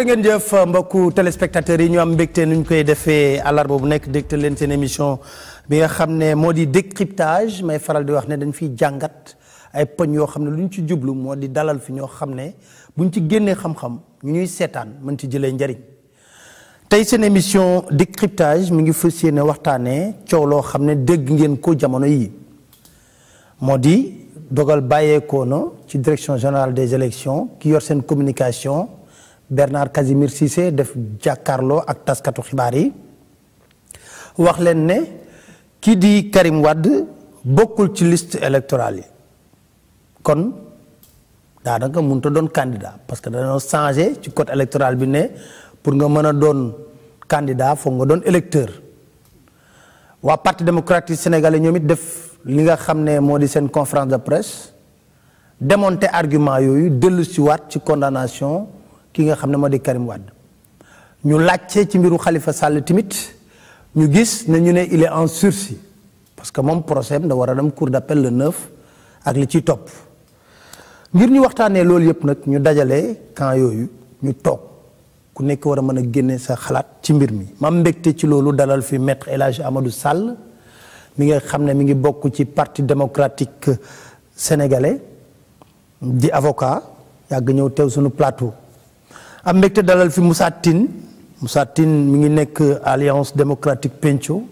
jërë ngeen jëf mbokku téléspectateurs yi ñu am mbégte nu koy defee àllarba bu nekk dégtal leen seen émission nga xam ne moo di décryptage may faral di wax ne dañ fiy jàngat ay poñ yoo xam ne lu ñu ci jublu moo di dalal fi ñoo xam ne buñ ci génnee xam-xam ñu ñuy seetaan mën ci jëlee njariñ tey seen émission décryptage mi ngi fas yéene waxtaanee coow loo xam ne dégg ngeen ko jamono yi moo di dogal bàyyeekoo na ci direction générale des élections ki yor seen communication. Bernard Casimir Cissé def jàkkaarloo ak taskatu xibaar yi wax leen ne kii di Karim Wade bokkul ci liste électoral yi kon daanaka mënut a doon candidat parce que dañoo changé ci code électoral bi ne pour nga mën a doon candidat foog nga doon électeur waa parti démocratique sénégalais ñoom it def li nga xam ne moo di seen conférence de presse démonter argument yooyu dellu si waat ci condamnation. ki nga xam ne moo di Karim Wade ñu laajte ci mbiru xalifa Sall tamit ñu gis ne ñu ne il est en sursis parce que moom procès am da war a dem cour d'appel le 9 ak li ciy topp ngir ñu waxtaanee loolu yëpp nag ñu dajale kan yooyu ñu toog ku nekk war a mën a génne sa xalaat ci mbir mi. ma mbégte ci loolu dalal fi maître El Hadj Amadou Sall mi nga xam ne mi ngi bokk ci parti démocratique sénégalais di avocat yàgg ñëw teew suñu plateau. am mbégte dalal fi Moussa Tine Moussa Tine mi ngi nekk alliance démocratique Penco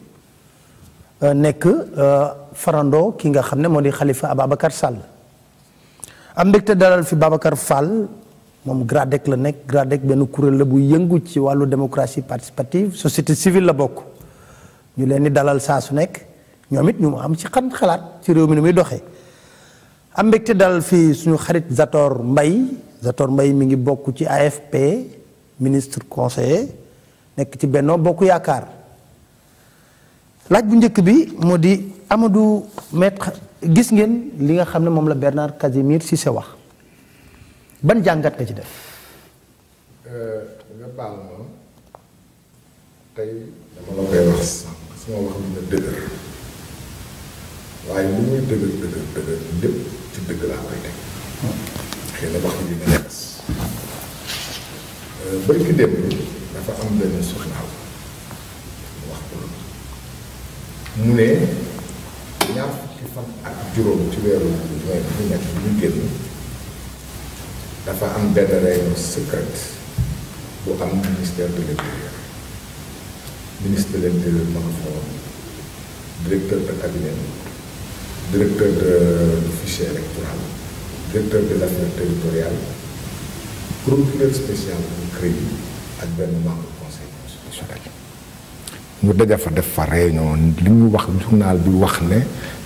euh, nekk euh, farando ki nga xam ne moo di xalifa Ababacar Sall am mbégte dalal fi Babacar Fall moom GRADEC la nekk GRADEC benn kuréel la bu yëngu ci wàllu démocratie participative société civile la bokk ñu leen di dalal saa su nekk ñoom it ñu am ci xam xalaat ci réew mi ni muy doxee am mbégte dalal fi suñu xarit Zator mbay Zator mbay mi ngi bokk ci AFP ministre conseiller nekk ci Benno Bokk Yaakaar laaj bu njëkk bi moo di Amadou Maître gis ngeen li nga xam ne moom la Bernard Casimir si wax ban jàngat nga ci def. Euh, xëy na wax bi dina nekkas euh, bëri ki démb dafa am benn soxnaaw wax mu ne ñaar fukki fan ak juróom ci weeru mooy bu nekk génn dafa am benn réunion secrète bu am ministère de l'intérieur ministre de l'intérieur ma nga fa directeur de cabinet directeur de fichier électoral directeur ñu daja def fa réunion li ñu wax journal bi wax ne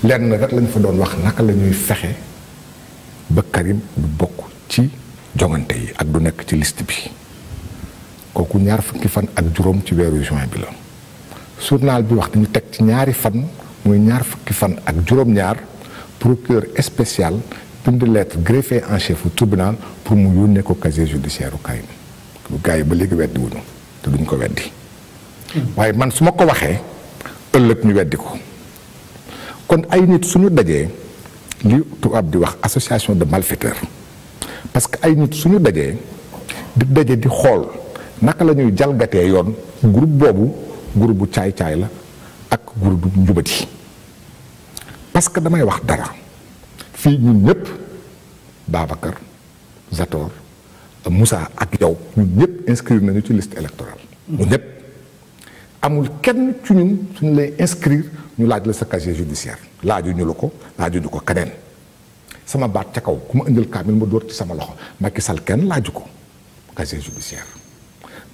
lenn rek lañ fa doon wax naka la fexe ba Karim du bokk ci jongante yi ak du nekk ci liste bi kooku ñaar fukki fan ak juróom ci weeru juin bi la journal bi wax dañu teg ci ñaari fan muy ñaar fukki fan ak juróom-ñaar procureur spécial bind lettre greffier en chef bu tribunal pour mu yónnee ko casier judiciaire u Karim gars yi ba léegi weddi wuñu te duñ ko weddi waaye man su ma ko waxee ëllëg ñu weddi ko kon ay nit suñu dajee li tubaab di wax association de malfaiteurs parce que ay nit suñu dajee di daje di xool naka la ñuy jalgatee yoon groupe boobu groupe bu caay-caay la ak groupe bu njubati parce que damay wax dara fii ñun ñëpp Babacar Zator Moussa ak yow ñun ñëpp inscrire nañu ci liste électorale ñun ñëpp amul kenn ci ñun suñu lay inscrire ñu laaj la sa casier judiciaire laajuñu la ko laajuñu ko keneen sama baat ca kaw ku ma indil kaamil ma dóor ci sama loxo Macky Sall kenn laaju ko casier judiciaire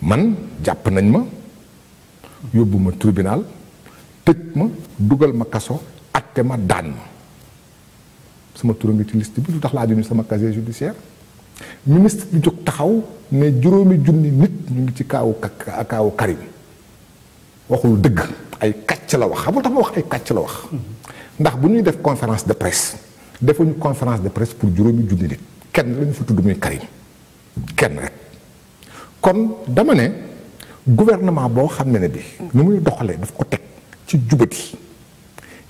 man jàpp nañ ma yóbbu ma tribunal tëj ma dugal ma kaso atte ma daan ma sama turam ngi ci liste bi lu tax laajuñu sama casier judiciaire ministre bi jóg taxaw ne juróomi junni nit ñu ngi ci kaawu kaawu Karim waxul dëgg ay kàcc la wax xamul tax ma wax ay kàcc la wax ndax bu ñuy def conférence de presse defuñu conférence de presse pour juróomi junni nit kenn lañu fa tudd muy Karim kenn rek kon dama ne gouvernement boo xam ne ne bi nu muy doxalee daf ko teg ci jubati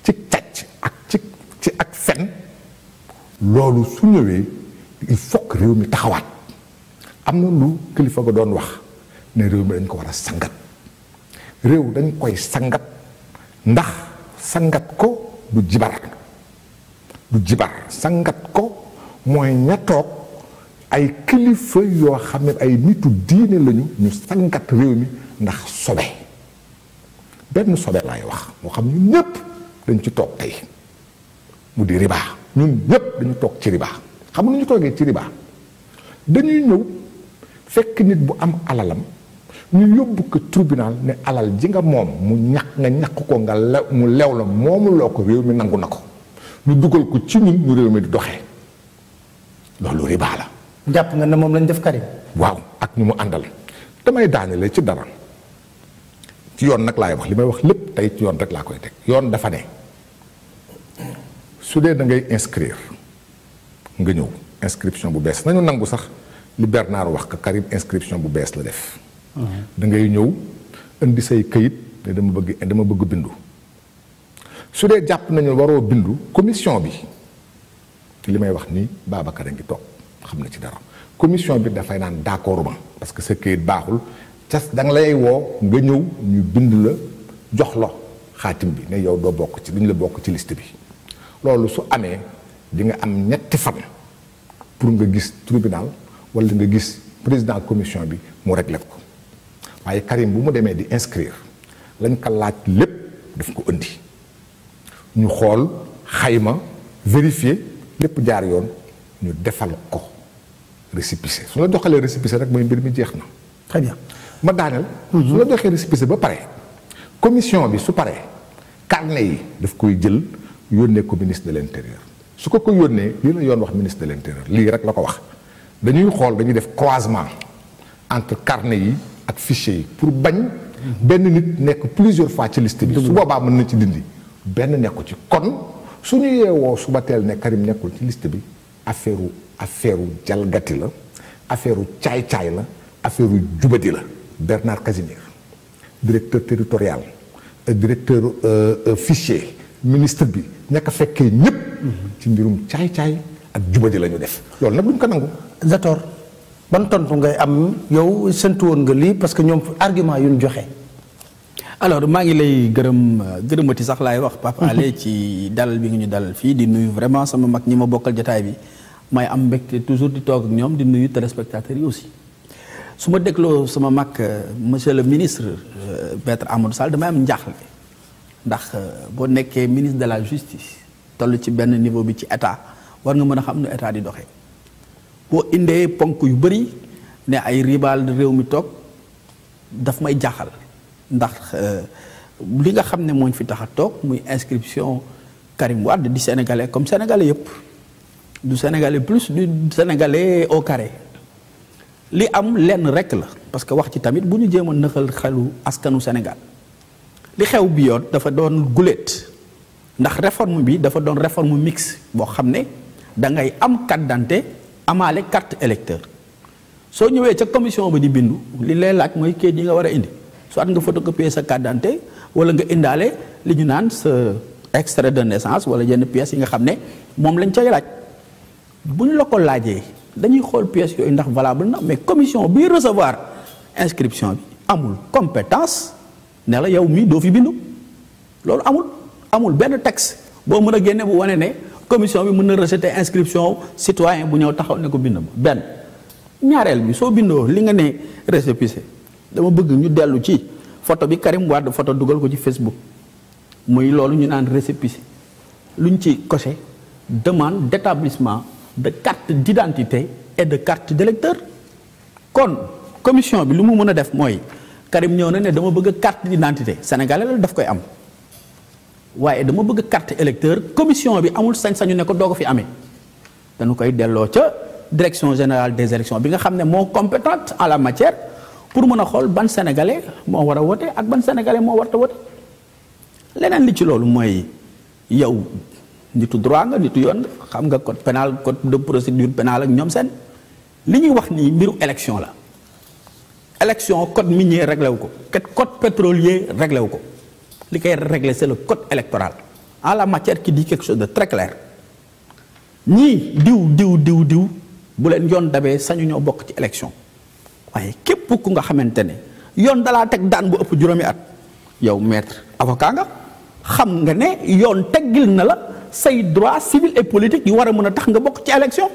ci càcc ak ci ak fen loolu su ñëwee il faut réew mi taxawaat am na lu kilifa ga doon wax ne réew mi dañ ko war a sangat réew dañ koy sangat ndax sangat ko du jibar du jibar sangat ko mooy ña toog ay kilifa yoo xam ne ay nitu diine lañu ñu sangat réew mi ndax sobe benn sobe laay wax moo xam ñu ñépp dañ ci toog tey mu di ribaa ñun ñëpp dañu toog ci riba xam nga ñu toogee ci riba dañuy ñëw fekk nit bu am alalam ñu yóbbu ko tribunal ne alal ji nga moom mu ñàkk nga ñàkk ko nga le mu lew la moomu ko réew mi nangu na ko ñu dugal ko ci ñun ñu réew mi di doxee loolu riba la. jàpp nga ne moom lañ def Karim. waaw ak ñu mu àndal damay daanele ci dara ci yoon nag laay wax li may wax lépp tey ci yoon rek laa koy teg yoon dafa ne. su dee da ngay inscrire nga ñëw inscription bu bees nañu nangu sax li Bernard wax ka Karim inscription bu bees la def. da ngay ñëw indi say këyit ne dama bëgg dama bëgg bindu. su dee jàpp nañu waroo bindu commission bi ci li may wax nii Babacar a ngi toog xam na ci dara commission bi dafay naan d'accord ma parce que sa këyit baaxul cas da nga lay woo nga ñëw ñu bind la jox la xaatim bi ne yow doo bokk ci ñu la bokk ci list bi. loolu su amee di nga am ñetti fan pour nga gis tribunal wala nga gis président commission bi mu réglé ko waaye Karim bu mu demee di inscrire lañ ko laaj lépp daf ko indi ñu xool xayma vérifier lépp jaar yoon ñu defal ko récépissé su la joxalee récépissé rek mooy mbir mi jeex na. très bien ma daaneel. su la joxee récépissé ba pare commission bi su pare carnet yi daf koy jël. yónnee ko ministre de l' intérieur su ko ko yónnee lii la yoon wax ministre de l' lii rek la ko wax dañuy xool dañuy def croisement entre carnet yi ak fichier yi pour bañ benn nit nekk plusieurs fois ci liste bi su boobaa mën na ci dindi benn nekku ci kon suñu yeewoo suba teel ne Karim nekkul ci liste bi affaire u affaire u jalgati la affaire u caay-caay la affaire u jubadi la Bernard Casimir directeur territorial euh, directeur euh, euh, fichier ministre bi ñàkk a fekkee ñëpp. ci mbirum caay-caay ak jubadi la ñu def loolu nag duñ ko nangu. Zator ban tontu ngay am yow sëntu woon nga lii parce que ñoom argument yu ñu joxe. alors maa ngi lay gërëm gërëmati sax laay wax Papa ci dalal bi nga ñu dalal fii di nuyu vraiment sama mag ñi ma bokkal jotaay bi may am mbégte toujours di toog ak ñoom di nuyu téléspectateurs yi aussi. su ma dégloo sama mag euh, monsieur le ministre euh, maître Amadou Sall damay am njaaxle. ndax euh, boo nekkee ministre de la justice toll ci benn niveau bi ci état war nga mën a xam nu état di doxee boo indee ponk yu bëri ne ay ribaal réew mi toog daf may jaaxal ndax euh, li nga xam ne mooñ fi tax a toog muy inscription Karim Wade di sénégalais comme sénégalais yëpp du sénégalais plus du sénégalais au carré li am lenn rekk la parce que wax ci tamit bu ñu jéem a nëxal xelu askanu Sénégal li xew bi dafa doon guléet ndax réforme bi dafa doon réforme mixte boo xam ne da ngay am carte d'identité amaale carte électeur soo ñëwee ca commission bi di bindu li lay laaj mooy kayit yi nga war a indi soit nga photocopier sa carte d'identité wala nga indaale li ñu naan sa extrait de naissance wala yenn pièces yi nga xam ne moom lañ cay laaj bu ñu la ko laajee dañuy xool pièces yooyu ndax valable na mais commission bi recevoir inscription bi amul compétence ne la yow mii doo fi bindu loolu amul amul benn texte boo mën a génne bu wane ne commission bi mën na rejeter inscription citoyen bu ñëw taxaw ne ko bind ma benn ñaareel bi soo bindoo li nga ne récépissé dama bëgg ñu dellu ci photo bi Karim Wade photo dugal ko ci Facebook muy loolu ñu naan récépissé lu ñu ci coché demande d'établissement de carte d'identité et de carte d'électeur kon commission bi li mu mën a def mooy Karim ñëw na ne dama bëgg carte d'identité sénégalais la daf koy am waaye dama bëgg carte électeur commission bi amul sañ-sañu ne ko doo ko fi amee dañu koy delloo ca direction générale des élections bi nga xam ne moo compétente en la matière pour mën a xool ban sénégalais moo war a wote ak ban sénégalais moo warta wote leneen li ci loolu mooy yow nitu droit nga nitu yoon xam nga code pénal code de procédure pénale ak ñoom seen li ñuy wax nii mbiru élection la élection code minier réglé wu ko code pétrolier réglé wu ko li koy réglé c'est le code électoral à la matière qui dit quelque chose de très clair ñii diw diw diw diw bu leen yoon dabee sañu ñoo bokk ci élection waaye képp ku nga xamante ne yoon dalaa teg daan bu ëpp juróomi at yow maître avocat nga xam nga ne yoon teggil na la say droit civil et politique yu war a mën a tax nga bokk ci élection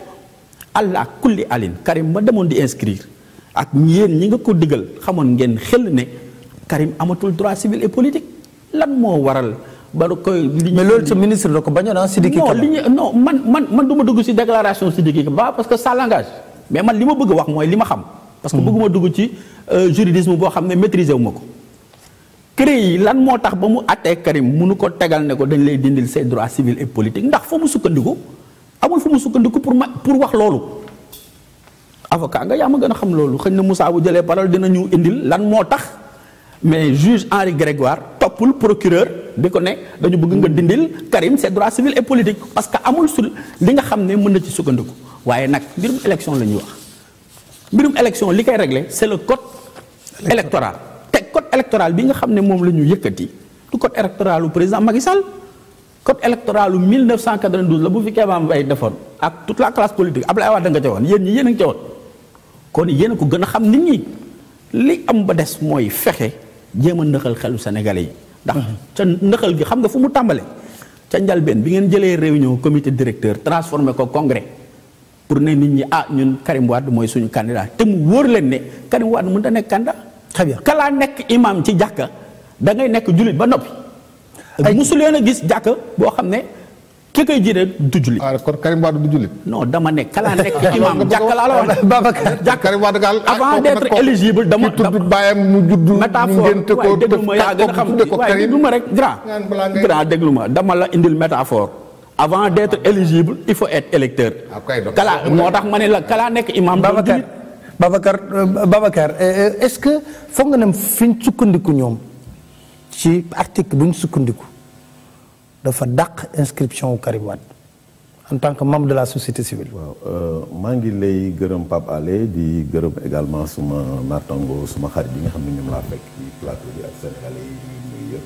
allah kulli alin Karim ma demoon di inscrire ak yéen ñi nga ko digal xamoon ngeen xel ne Karim amatul droit civil et politique lan moo waral. ba koy li mais loolu sa ministre da ko bañoon ah Sidiki Kaba non li ñu non man man man du dugg ci déclaration Sidiki Kaba parce que ça l'engage mais man li ma bëgg wax mooy li ma xam. parce que hmm. bëgguma dugg ci euh, juridisme boo xam ne maîtriser wu ma ko. CREI yi lan moo tax ba mu àttee Karim mënu ko tegal ne ko dañ lay dindil say droits civils et politiques ndax fa mu sukkandiku amul fu mu sukkandiku pour ma pour wax loolu. avocat nga yaa ma gën a xam loolu xëñ na Moussa bu jëlee parole dina ñu indil lan moo tax mais juge Henri Grégoire toppul procureur bi ko ne dañu bëgg nga dindil Karim ses droits civils et politiques parce que amul su li nga xam ne mën na ci sukkandiku waaye nag mbirum élection la ñuy wax mbirum élection li koy régler c'est le code électoral te code électoral bi nga xam ne moom la ñu yëkkati du code électoral u président Macky Sall code électoral la bu kon yéen ko gën a xam nit ñi li am ba des mooy fexe jéem a nëxal xelu sénégalais yi. ndax mhm. ca nëxal gi xam nga fu mu tàmbale ca njalbeen bi ngeen jëlee réunion comité directeur transformé ko congrès pour ne nit ñi ah ñun Karim mooy suñu candidat te mu wóor leen ne Karim Wade mënut a nekk candidat. kalaa nekk imam ci jàkka da ngay nekk jullit ba noppi. ay musu leen a gis jàkka boo xam ne. ki koy jiite du jullit. Ah, waaw dama ne kala nekk imam jàkkaala la woon. Babacar jàkk ah, avant d'être éligible dama dama la indil métaphore. avant d'être ah, éligible il faut être électeur. kala moo tax ma ne la kala nekk imam. Babacar Babacar euh, Babacar euh, euh, est-ce que foo nga ne fi sukkandiku ñoom ci article bu ñu sukkandiku. dafa dàq inscription Karim en tant que membre de la société civile. Euh, maa ngi lay gërëm Pape di gërëm également suma naataango suma xarit bi nga xam ne ñoom laa fekk ci plateau bi ak Sénégalais yi ñuy yëpp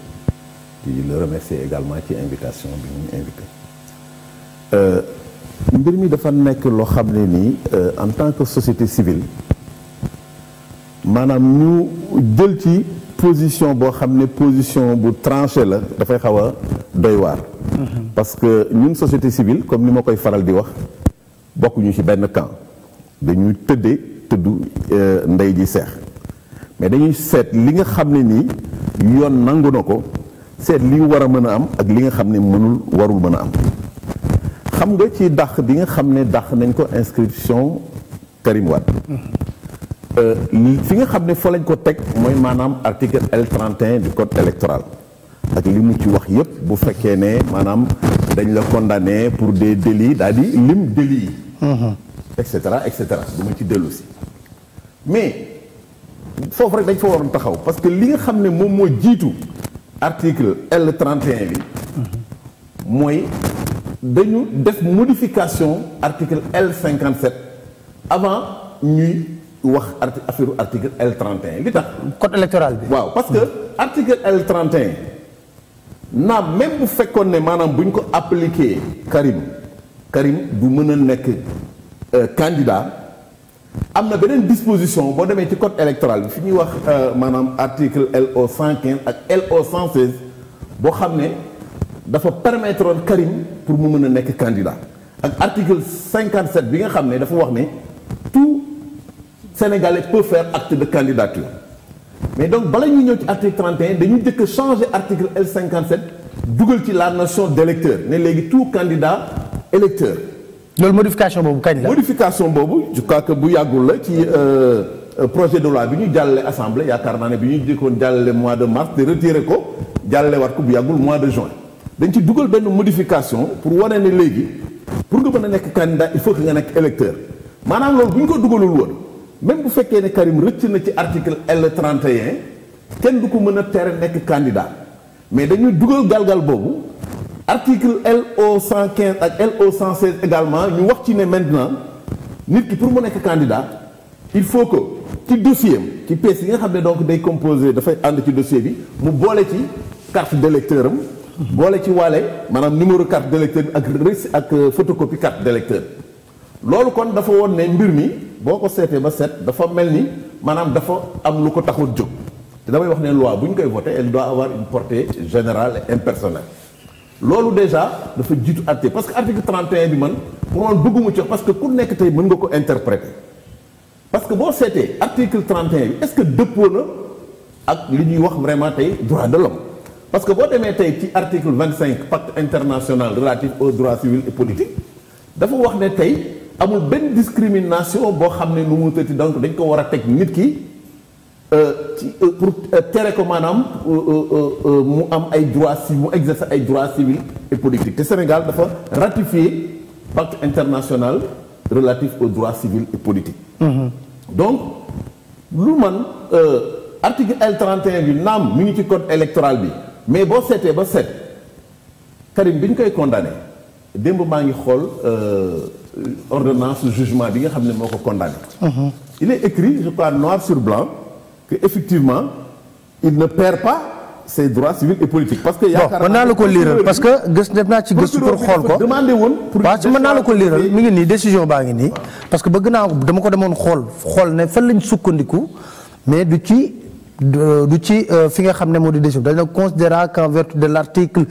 di le remercier également ci invitation bi ñu invité. Euh, mbir mi dafa nekk loo xam ne nii euh, en tant que société civile maanaam ñu jël ci. position boo xam ne position bu tranché la dafay xaw a doy waar. parce que ñun société civile comme ni ma koy faral di wax bokkuñu ci benn camp dañuy tëddee tëddu euh, ndey ji seex mais dañuy seet li nga xam ne nii yoon nangu na ko seet li war a mën a am ak li nga xam ne mënul warul mën a am xam nga ci dàq bi nga xam ne dàq nañ ko inscription Karim Euh, fi nga xam ne foo lañ ko teg mooy maanaam article L31 du code électoral ak li mu ci wax yépp bu fekkee ne maanaam dañ la condamné pour des délits daal di lim délits yi mhm. et cetera et cetera du ci dellu si mais foofu rek dañ fa waroon taxaw parce que li nga xam ne moom moo jiitu article L31 bi mooy dañu def modification article L57 avant ñuy wax arti affaire article L 31 li tax. code électoral bi. waaw parce que article L 31 naa même bu fekkoon ne maanaam bu ñu ko appliqué Karim Karim bu mën a nekk euh, candidat am na beneen disposition boo demee ci code électoral bi fi ñuy wax euh, maanaam article LO 115 ak LO 116 boo xam ne dafa permettre Karim pour mu mën a nekk candidat ak article 57 bi nga xam ne dafa wax ne sénégalais peut fair acte de candidature mais donc bala ñuy ñëw ci article 31 dañu jëkk changer article L57 dugal ci la notion d'électeur ne léegi tout candidat électeur loolu modification boobu kañ la modification boobu je crois que bu yàggul la ci euh, euh, projet de loi bi ñu jàllale assemblée yaakaar naa ne bi ñu jëkkoon jàllale mois de mars te retiré ko jàllale waat ko bu yàggul mois de juin dañ ci dugal benn modification pour wane ne léegi pour nga mën a nekk candidat il faut que nga maanaam loolu bu ko dugalul woon même bu fekkee ne Karim rëcc na ci article L 31 kenn du ko mën a tere nekk candidat mais dañuy dugal galgal boobu article LO 115 ak LO 116 également ñu wax ci ne maintenant nit ki pour mu nekk candidat il faut que ci dossier ci pièces yi nga xam ne donc day composé dafay ànd ci dossier bi mu boole ci carte delecteur am. boole ci waale maanaam numéro carte d'électeur bi ak ak photocopie carte d'électeur loolu kon dafa woon ne mbir mi. boo ko seetee ba seet dafa mel ni maanaam dafa am lu ko taxoon jóg te damay wax ne loi bu ñu koy voté elle doit avoir une portée générale et impersonnelle loolu déjà dafa jiitu àtte parce que article 31 bi man pour man bëgguma ci parce que ku nekk tey mën nga ko interpréter parce que boo seetee article 31 bi est-ce que dëppoo na ak li ñuy wax vraiment tey droit de l'homme parce que boo demee tey ci article 25 pacte international relatif aux droits civils et politiques dafa wax ne tey amul benn discrimination boo xam ne nu mu tëti donc dañ ko war a teg nit ki euh, ci euh, pour euh, tere ko maanaam mu am ay droits civils mu exercer ay droits civils et politiques te Sénégal dafa ratifier pacte international relatif aux droits civils et politiques mm-hmm. donc lu man article L31 bi naam mu ngi ci code électoral bi mais boo seetee ba seet Karim bi ñu koy condamné démb maa ngi xool Euh, ordonnance jugement bi nga xam ne moo ko condamné. Mhm. il est écrit je crois noir sur blanc que effectivement il ne perd pas ses droits civils et politiques. parce que yaakaar naa mën naa la ko liiral parce que gës def naa ci gëstu pour xool ko demandé woon. pour mën naa la ko liiral mi ngi nii décision baa ngi nii. parce que bëgg naa dama ko demoon xool xool ne fan lañ sukkandiku mais du ci. du euh, ci euh, fi nga xam ne moo di décision dañu considérer qu'en vertu de l'article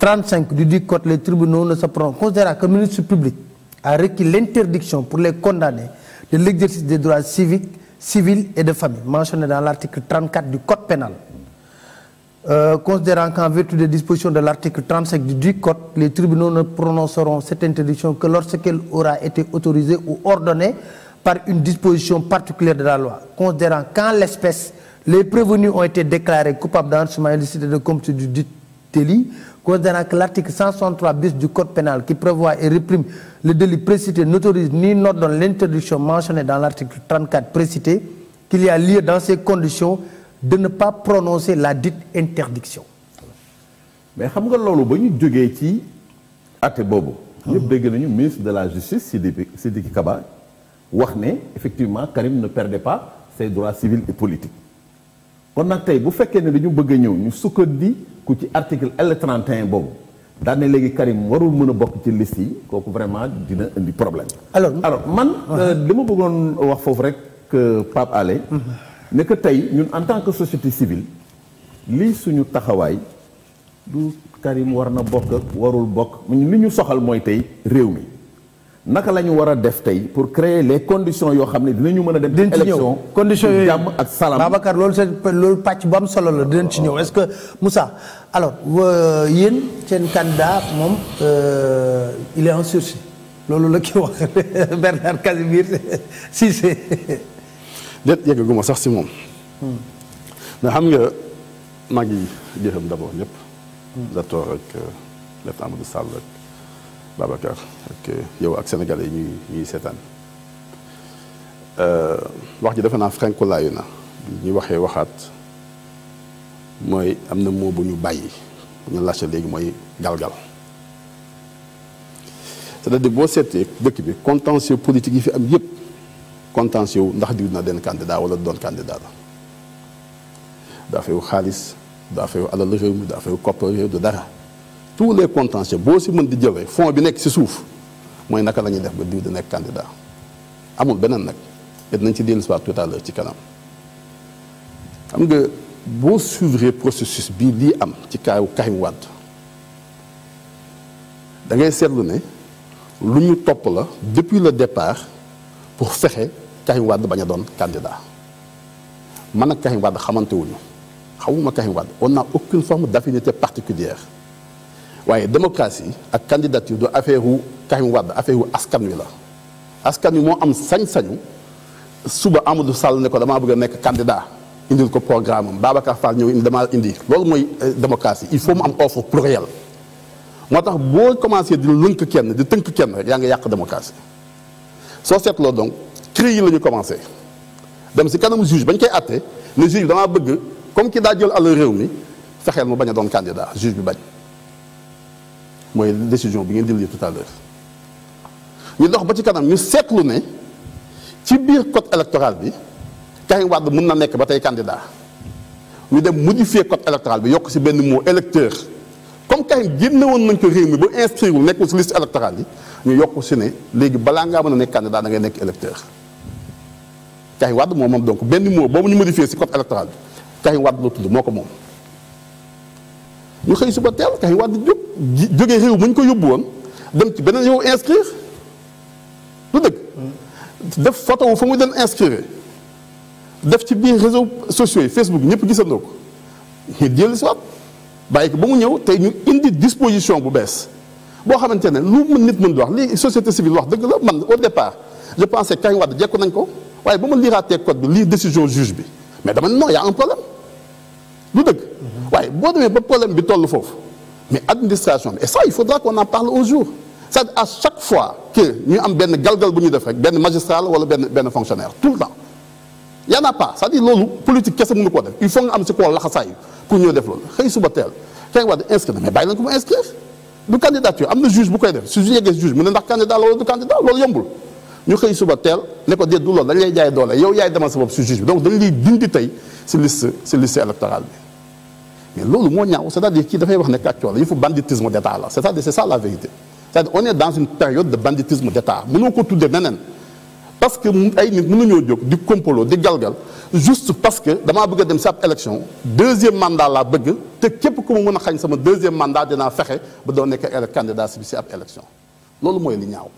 35 du dit code les tribunaux ne se prononcent considérant que ministre a requis l'interdiction pour les condamnés de l'exercice des droits civiques, civils et de famille, mentionné dans l'article 34 du Code pénal. Euh, considérant de l'article 35 du Code, les tribunaux ne prononceront cette interdiction que lorsqu'elle aura été autorisée une disposition particulière de la loi, considérant qu'en l'espèce, les prévenus ont été déclarés coupables d'enrichissement illicite et considérant que l'article 163 bis du code pénal qui prévoit et réprime le délit précité n'autorise ni n'ordonne l'interdiction mentionnée dans l'article 34 précité, qu'il y a lieu dans ces conditions de ne pas prononcer la dite interdiction. mais xam nga loolu ba ñu jógee ci àtte boobu. ñëpp dégg nañu ministre de la justice Sidiki Sidiki Kaba wax ne effectivement Karim ne perdait pas ses droits civils et politiques. kon nag tey bu fekkee ne dañu bëgg a ñëw ñu ku ci article L31 boobu daan ne léegi Karim warul mën a bokk ci liste yi kooku vraiment dina indi problème. alors alors man. Euh, li ma bëggoon wax foofu rek Pape Alé. Mhm. ne que tey ñun en tant que société civile lii suñu taxawaay du Karim war na bokk warul bokk li ñu soxal mooy tey réew mi. naka la ñu war def tey pour créer les conditions yoo xam ne dinañu mën a dem. dinañ ci élection conditions yooyu jàmm ak salaam. Babacar loolu seen loolu pàcc bu am solo la dinañ ci ñëw est-ce que Moussa alors euh, yéen seen candidat moom euh, il est en sursis loolu la ki wax Bernard Casimir Cissé. déet ma sax si moom. Hmm. mais xam nga mag yi jërëm d'abord ñëpp. Hmm. Babacar ak eh, yow ak sénégalais yi ñuy seetaan euh, wax ji defe naa frankulaayu na ñuy waxee waxaat mooy am na moo bu ñu bàyyi bu ñu lâché léegi mooy galgal cest à boo seetee dëkk bi contentieux politique yi fi am yépp contentieux wu ndax diw na den candidat wala doon candidat la daa feewu xaalis daa feewu alal réew mi daa feewu koppar réew du dara tout les contentieux boo si mën di jëlee fond bi nekk ci suuf mooy naka la ñuy def ba diw di nekk candidat amul beneen nag et nañ ci dellusiwaat tout à l'heure ci kanam xam nga boo suivre processus bii lii am ci kaayu Karim Wade da ngay seetlu ne lu ñu topp la depuis le départ pour sexe Karim Wade bañ a doon candidat man ak Karim Wade xamante wuñu xamuma Karim Wade on n'a aucune forme d'affinité particulière waaye démocratie ak candidature du affaire wu Karim Wade affaire wu askan wi la askan wi moo am sañ-sañu suba Amadou Sall ne ko damaa bëgg a nekk candidat indil ko programme am Babacar Fall ñëw indi damaa indi loolu mooy euh, démocratie il faut mu am offre plurielle moo tax boo commencé di lënk kenn di tënk kenn yaa ngi yàq démocratie soo seetloo donc cri yi la ñu commencé dem si kanam juge bañ koy àtte ne juge bi damaa bëgg comme ki daa jël àll réew mi fexee mu bañ a doon candidat juge bi bañ. mooy décision bi ngeen jël tout à l'heure ñu dox ba ci kanam ñu seetlu ne ci biir code électoral bi Karim Wade mun na nekk ba tey candidat ñu dem modifier code électoral bi yokk ci benn moo électeur comme Karim génne woon nañ ko réew mi ba inscrire nekkul ci liste électorale yi ñu yokk ci ne léegi balaa ngaa mën a nekk candidat da ngay nekk électeur Karim Wade moom moom donc benn moo boobu ñu modifier ci code électoral bi Karim Wade la tudd moo ko moom. ñu xëy suba teel kañ waat di jóg ji jógee réew mu ñu ko yóbbu woon dem ci beneen yow inscrire lu dëgg. def photo fa mu doon inscrire def ci biir réseaux sociaux yi Facebook ñëpp gisandoo ko ñu dellu si waat bàyyi ko ba mu ñëw tey ñu indi disposition bu bees boo xamante ne lu mën nit mën di wax li société civile wax dëgg la man au départ je pensais Karim Wade jekku nañ ko waaye ba ma liiraatee code bi lire décision juge bi mais dama ne non y un dëgg. waaye boo demee ba problème bi toll foofu mais administration bi et ça il faudra qu'on en parle un jour cest à chaque fois que ñu am benn galgal bu ñu def rek benn magistrat la wala benn benn fonctionnaire tout le temps y en a pas c'est-à-dire loolu politique kese mënu ko def il faut nga am si koo laxasaayu pour ñëw def loolu xëy suba teel xëy ko mu inscrire du candidature am na ne ndax candidat la wala du candidat loolu yombul ñu xëy suba jaay doole yow yaay demal sa bopp si juge bi donc dañ lay dindi tey si liste si liste électorale loolu moo ñaaw c'est-à-dire kii dafay wax ne kàccoor la yëfu banditisme d'État la c'est-à-dire c'est ça la vérité c'est-à-dire on est dans une période de banditisme d'État mënoo ko tuddee neneen parce que ay nit mënuñoo jóg di kompolo di galgal juste parce que damaa bëgg a dem si ab élection deuxième mandat laa bëgg te képp ku ma mën a xañ sama deuxième mandat dinaa fexe ba doo nekk candidat si bi si ab élection loolu mooy li ñaaw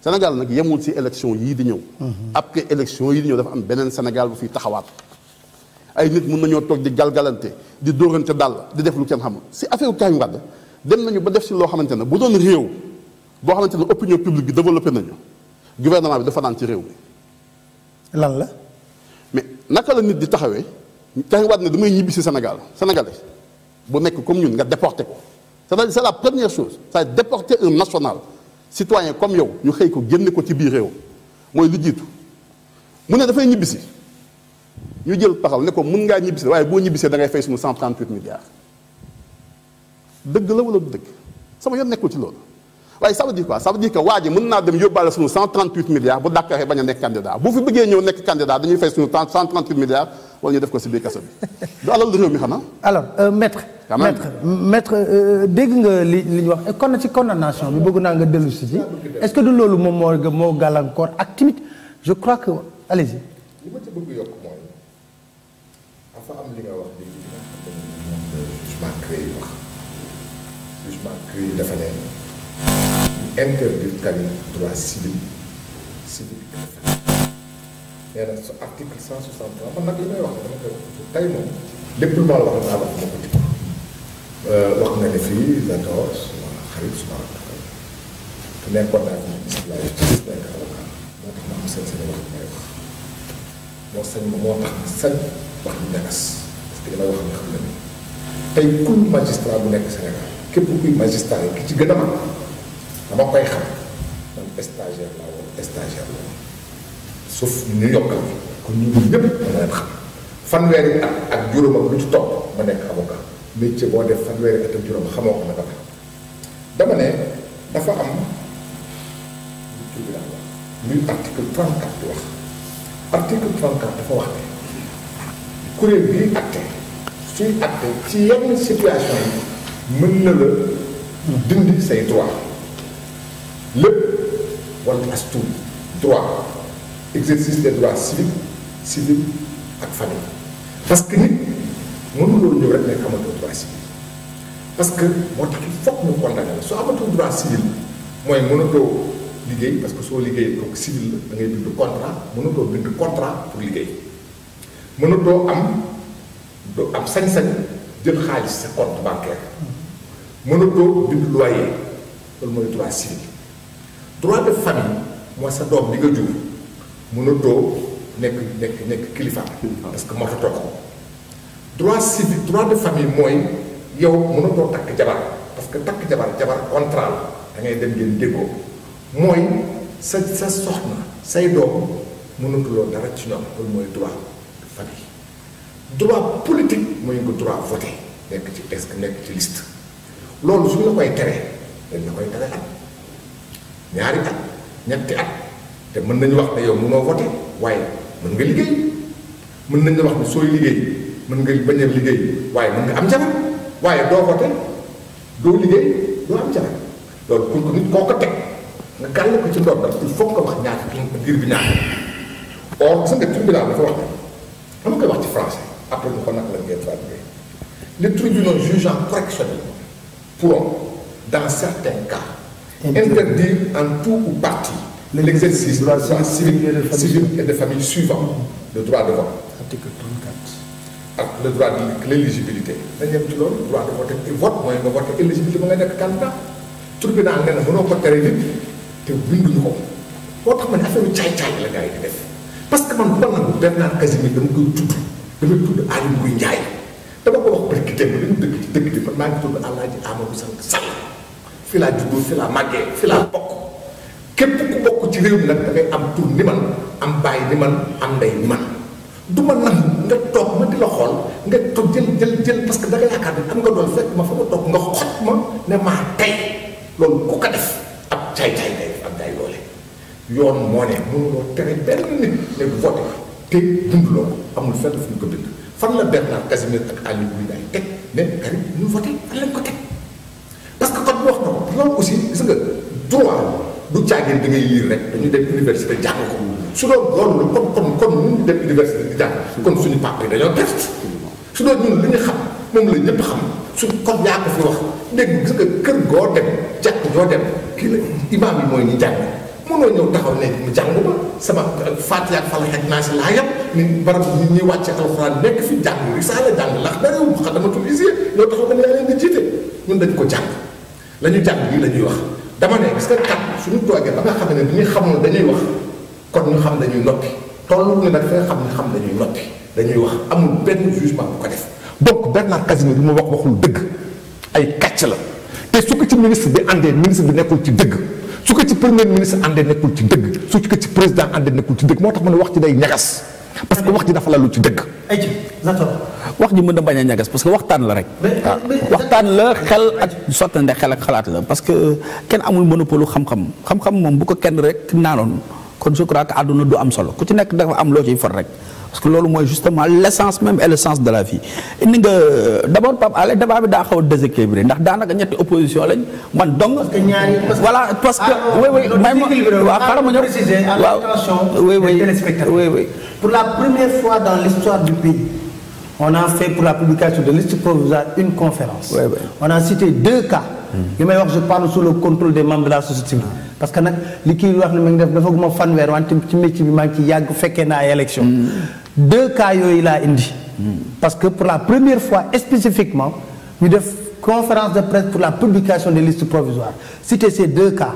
Sénégal nag yemul si élection yii di ñëw mhm. après élection yii di ñëw dafa am beneen Sénégal bu fiy taxawaat ay nit mun nañoo toog di galgalante di dóorante dàll di def lu kenn xamul si affaire Karim Wade dem nañu ba def si loo xamante ne bu doon réew boo xamante ne opinion publique bi développé nañu gouvernement bi dafa naan ci réew mi. lan la. mais naka la nit di taxawee Karim ne damay ñibbi si Sénégal sénégalais bu nekk comme ñun nga déporté ko c'est-à-dire c'est la première chose c'est déporter un national citoyen comme yow ñu xëy ko génne ko ci biir réew mooy lu jiitu mu ne dafay ñibbisi. ñu jël taxaw ne ko mun ngaa ñibbise waaye boo ñibbisee da ngay fay suñu 138 milliards dëgg la wala du dëgg sama yoon nekkul ci loolu waaye ça veut dire quoi ça veut waa ji mën naa dem yóbbaale suñu 138 milliards bu dàkkaxee bañ a nekk candidat bu fi bëggee ñëw nekk candidat dañuy fay suñu 138 milliards wala ñu def ko si biir kaso bi du alal réew mi xanaa alors euh, maître maître maître euh, dégg nga li li ñu wax kon ci condamnation bi bëgg naa nga dellu si ci que du moom moo moo gàllankoor ak timit je crois que allez-y dafa am li nga wax léegi li nga xamante ne moom la Ousmane Gueye wax Ousmane Gueye dafa ne interdire tamit droit civil civil nee na su article 163 man nag li may wax dama koy wax tey moom lépp lu ma la wax naa wax ma ko ci euh, wax nga ne fii la door suma xarit suma te nekkoon naa ko gis laa yor gis nekk avocat moo tax ma am sañ-sañ wax may wax moo sañ ma moo tax ma sañ wax ñu ñagas parce que li wax nga xam ne nii tey kuy magistrat bu nekk Sénégal képp kuy magistrat yi ki ci gën a mag dama koy xam man stagiaire laa woon stagiaire la woon sauf ñu yokkal kon ñu ngi fanweeri at ak juróom ak lu ci topp ma nekk avocat métier boo ne dafa am lu tribunal wax luy article 34 wax article 34 dafa wax ne. kuréel bii atte suy atte ci yenn situation yi mën na la dindi say droit lépp wala as droit exercice des droits civiques civils ak famille parce que nit mënuloo ñëw rek nekk amatoo droit civil parce que moo tax il foog ñu condamné la soo amatoo droit civil mooy mënatoo liggéey parce que soo liggéey donc civil la da ngay bind contrat mënatoo bind contrat pour liggéey mënut doo am am sañ-sañ jël xaalis sa compte bancaire mënut doo bind loyer loolu mooy droit civil droit de famille mooy sa doom bi nga jur mënut doo nekk nekk nekk kilifa parce que matatoo ko droit civil droit de famille mooy yow mënatoo takk jabar parce que takk jabar jabar contral dangay dem ngeen déggoo mooy sa sa soxna say doom mënatuloo dara ci ñoom loolu mooy droit voté droit politique mooy nga droit voté nekk ci est nekk ci liste loolu su la koy teree dañ la koy tere at ñaari at at te mën nañu wax ne yow mënoo waaye mën nga liggéey mën nañu wax ne sooy liggéey mën nga bañ a liggéey waaye mën nga am jabar waaye doo voté doo liggéey doo am loolu pour que nit koo ko teg nga gàll ko ci ndox il faut nga wax ñaata ngir bi ñaata or sa nga tribunal wax dama koy wax ci français après ñu xool naka la ngeen traduire les tribunaux jugeant correctionnellement en tout ou partie l'exercice des droits civils et de famille suivant le droit de vote article 34 ak le droit de i vote mooy nga nekk candidat tribunal nee na mënoo ko tere nit te ko boo tax ma ne affaire caay-caay la gars yi di def parce que ma wàllum Bernard Casimir dama koy tudd dama tudd Aly Ngouille Ndiaye dama ko wax barki démb dañu dëkk ci dëkk bi man maa ngi tudd Alaaji Amadou Sall Sall fi laa juddoo fi laa màggee fi képp ku bokk ci réew mi nag am tur ni man am baay man am ndey ni man du toog ma di la nga toog jël jël jël parce que da nga doon fekk ma fa ma toog nga tey loolu ku ko def ab caay-caay yoon moo ne mënuloo tere benn nit ne voté te dunduloo ko amul fenn fu ñu ko bind fan la Bernard Casimir ak Aliou Ndiaye teg ne Karim ñu voté fan lañ ko teg parce que code bi wax na ko loolu aussi gis nga droit du caageen da ngay lire rek dañu dem université jàng ko su doon loolu la kon kon kon ñu dem université kon suñu papa yi dañoo perte su doon ñun xam moom la ñëpp xam su kon yaa ko fi wax dégg gis nga kër goo dem jàkk joo dem kii la imaam yi mooy ñu jàng mënoo ñëw taxaw ne mu jàng ma sama Faatiha ak Falaq ak Naas laa yem ni barab ñu ñuy wàcce alxuraan nekk fi jàng risaala jàng ko ne yaa leen di jiite ko jàng la ñu jàng la ñuy wax dama ne gis nga kat suñu toogee xam ne dañuy xamul dañuy wax kon ñu xam dañuy noppi tollu ñu nag fi nga xam ne xam dañuy noppi dañuy wax amul benn jugement bu ko def donc Bernard Cazeneuve lu mu wax waxul dëgg ay kàcc la te su ko ci ministre bi àndee ministre bi nekkul ci dëgg su ko ci premier ministre àndee nekkul ci dëgg su ko ci président a nekkul ci dëgg moo tax ma ne wax ci day ñagas parce que wax ji dafa lalu ci dëgg. wax ji mën na bañ a ñagas parce que waxtaan la rek. Ah. waxtaan la xel ak sottante xel ak xalaat la parce que kenn amul monopole xam-xam xam-xam moom bu ko kenn rek naanoon kon je crois que àdduna du am solo ku ci nekk dafa am loo ciy for rek. parce que loolu mooy justement l' essence même et le sens de la vie ni nga euh, d' abord Pape Alé débat bi daa xaw a déséquilibré ndax daanaka ñetti opposition lañ man dong. voilà parce que. waa ah, oui may ma waaw xaaral ma la l'histoire du pays. on a fait pour la publication de liste provisoire une conférence. on a cité deux cas. Hmm. li may wax je parle sous le contrôle des membres de la société civile. parce que nag li kii wax ne ma ngi def dafa guma fanweer wante ci métier bi maa ngi ci yàgg fekkee naa ay élection mm-hmm. deux cas yooyu laa indi mm-hmm. parce que pour la première fois spécifiquement ñu def conférence de presse pour la publication des listes provisoires c'était ces deux cas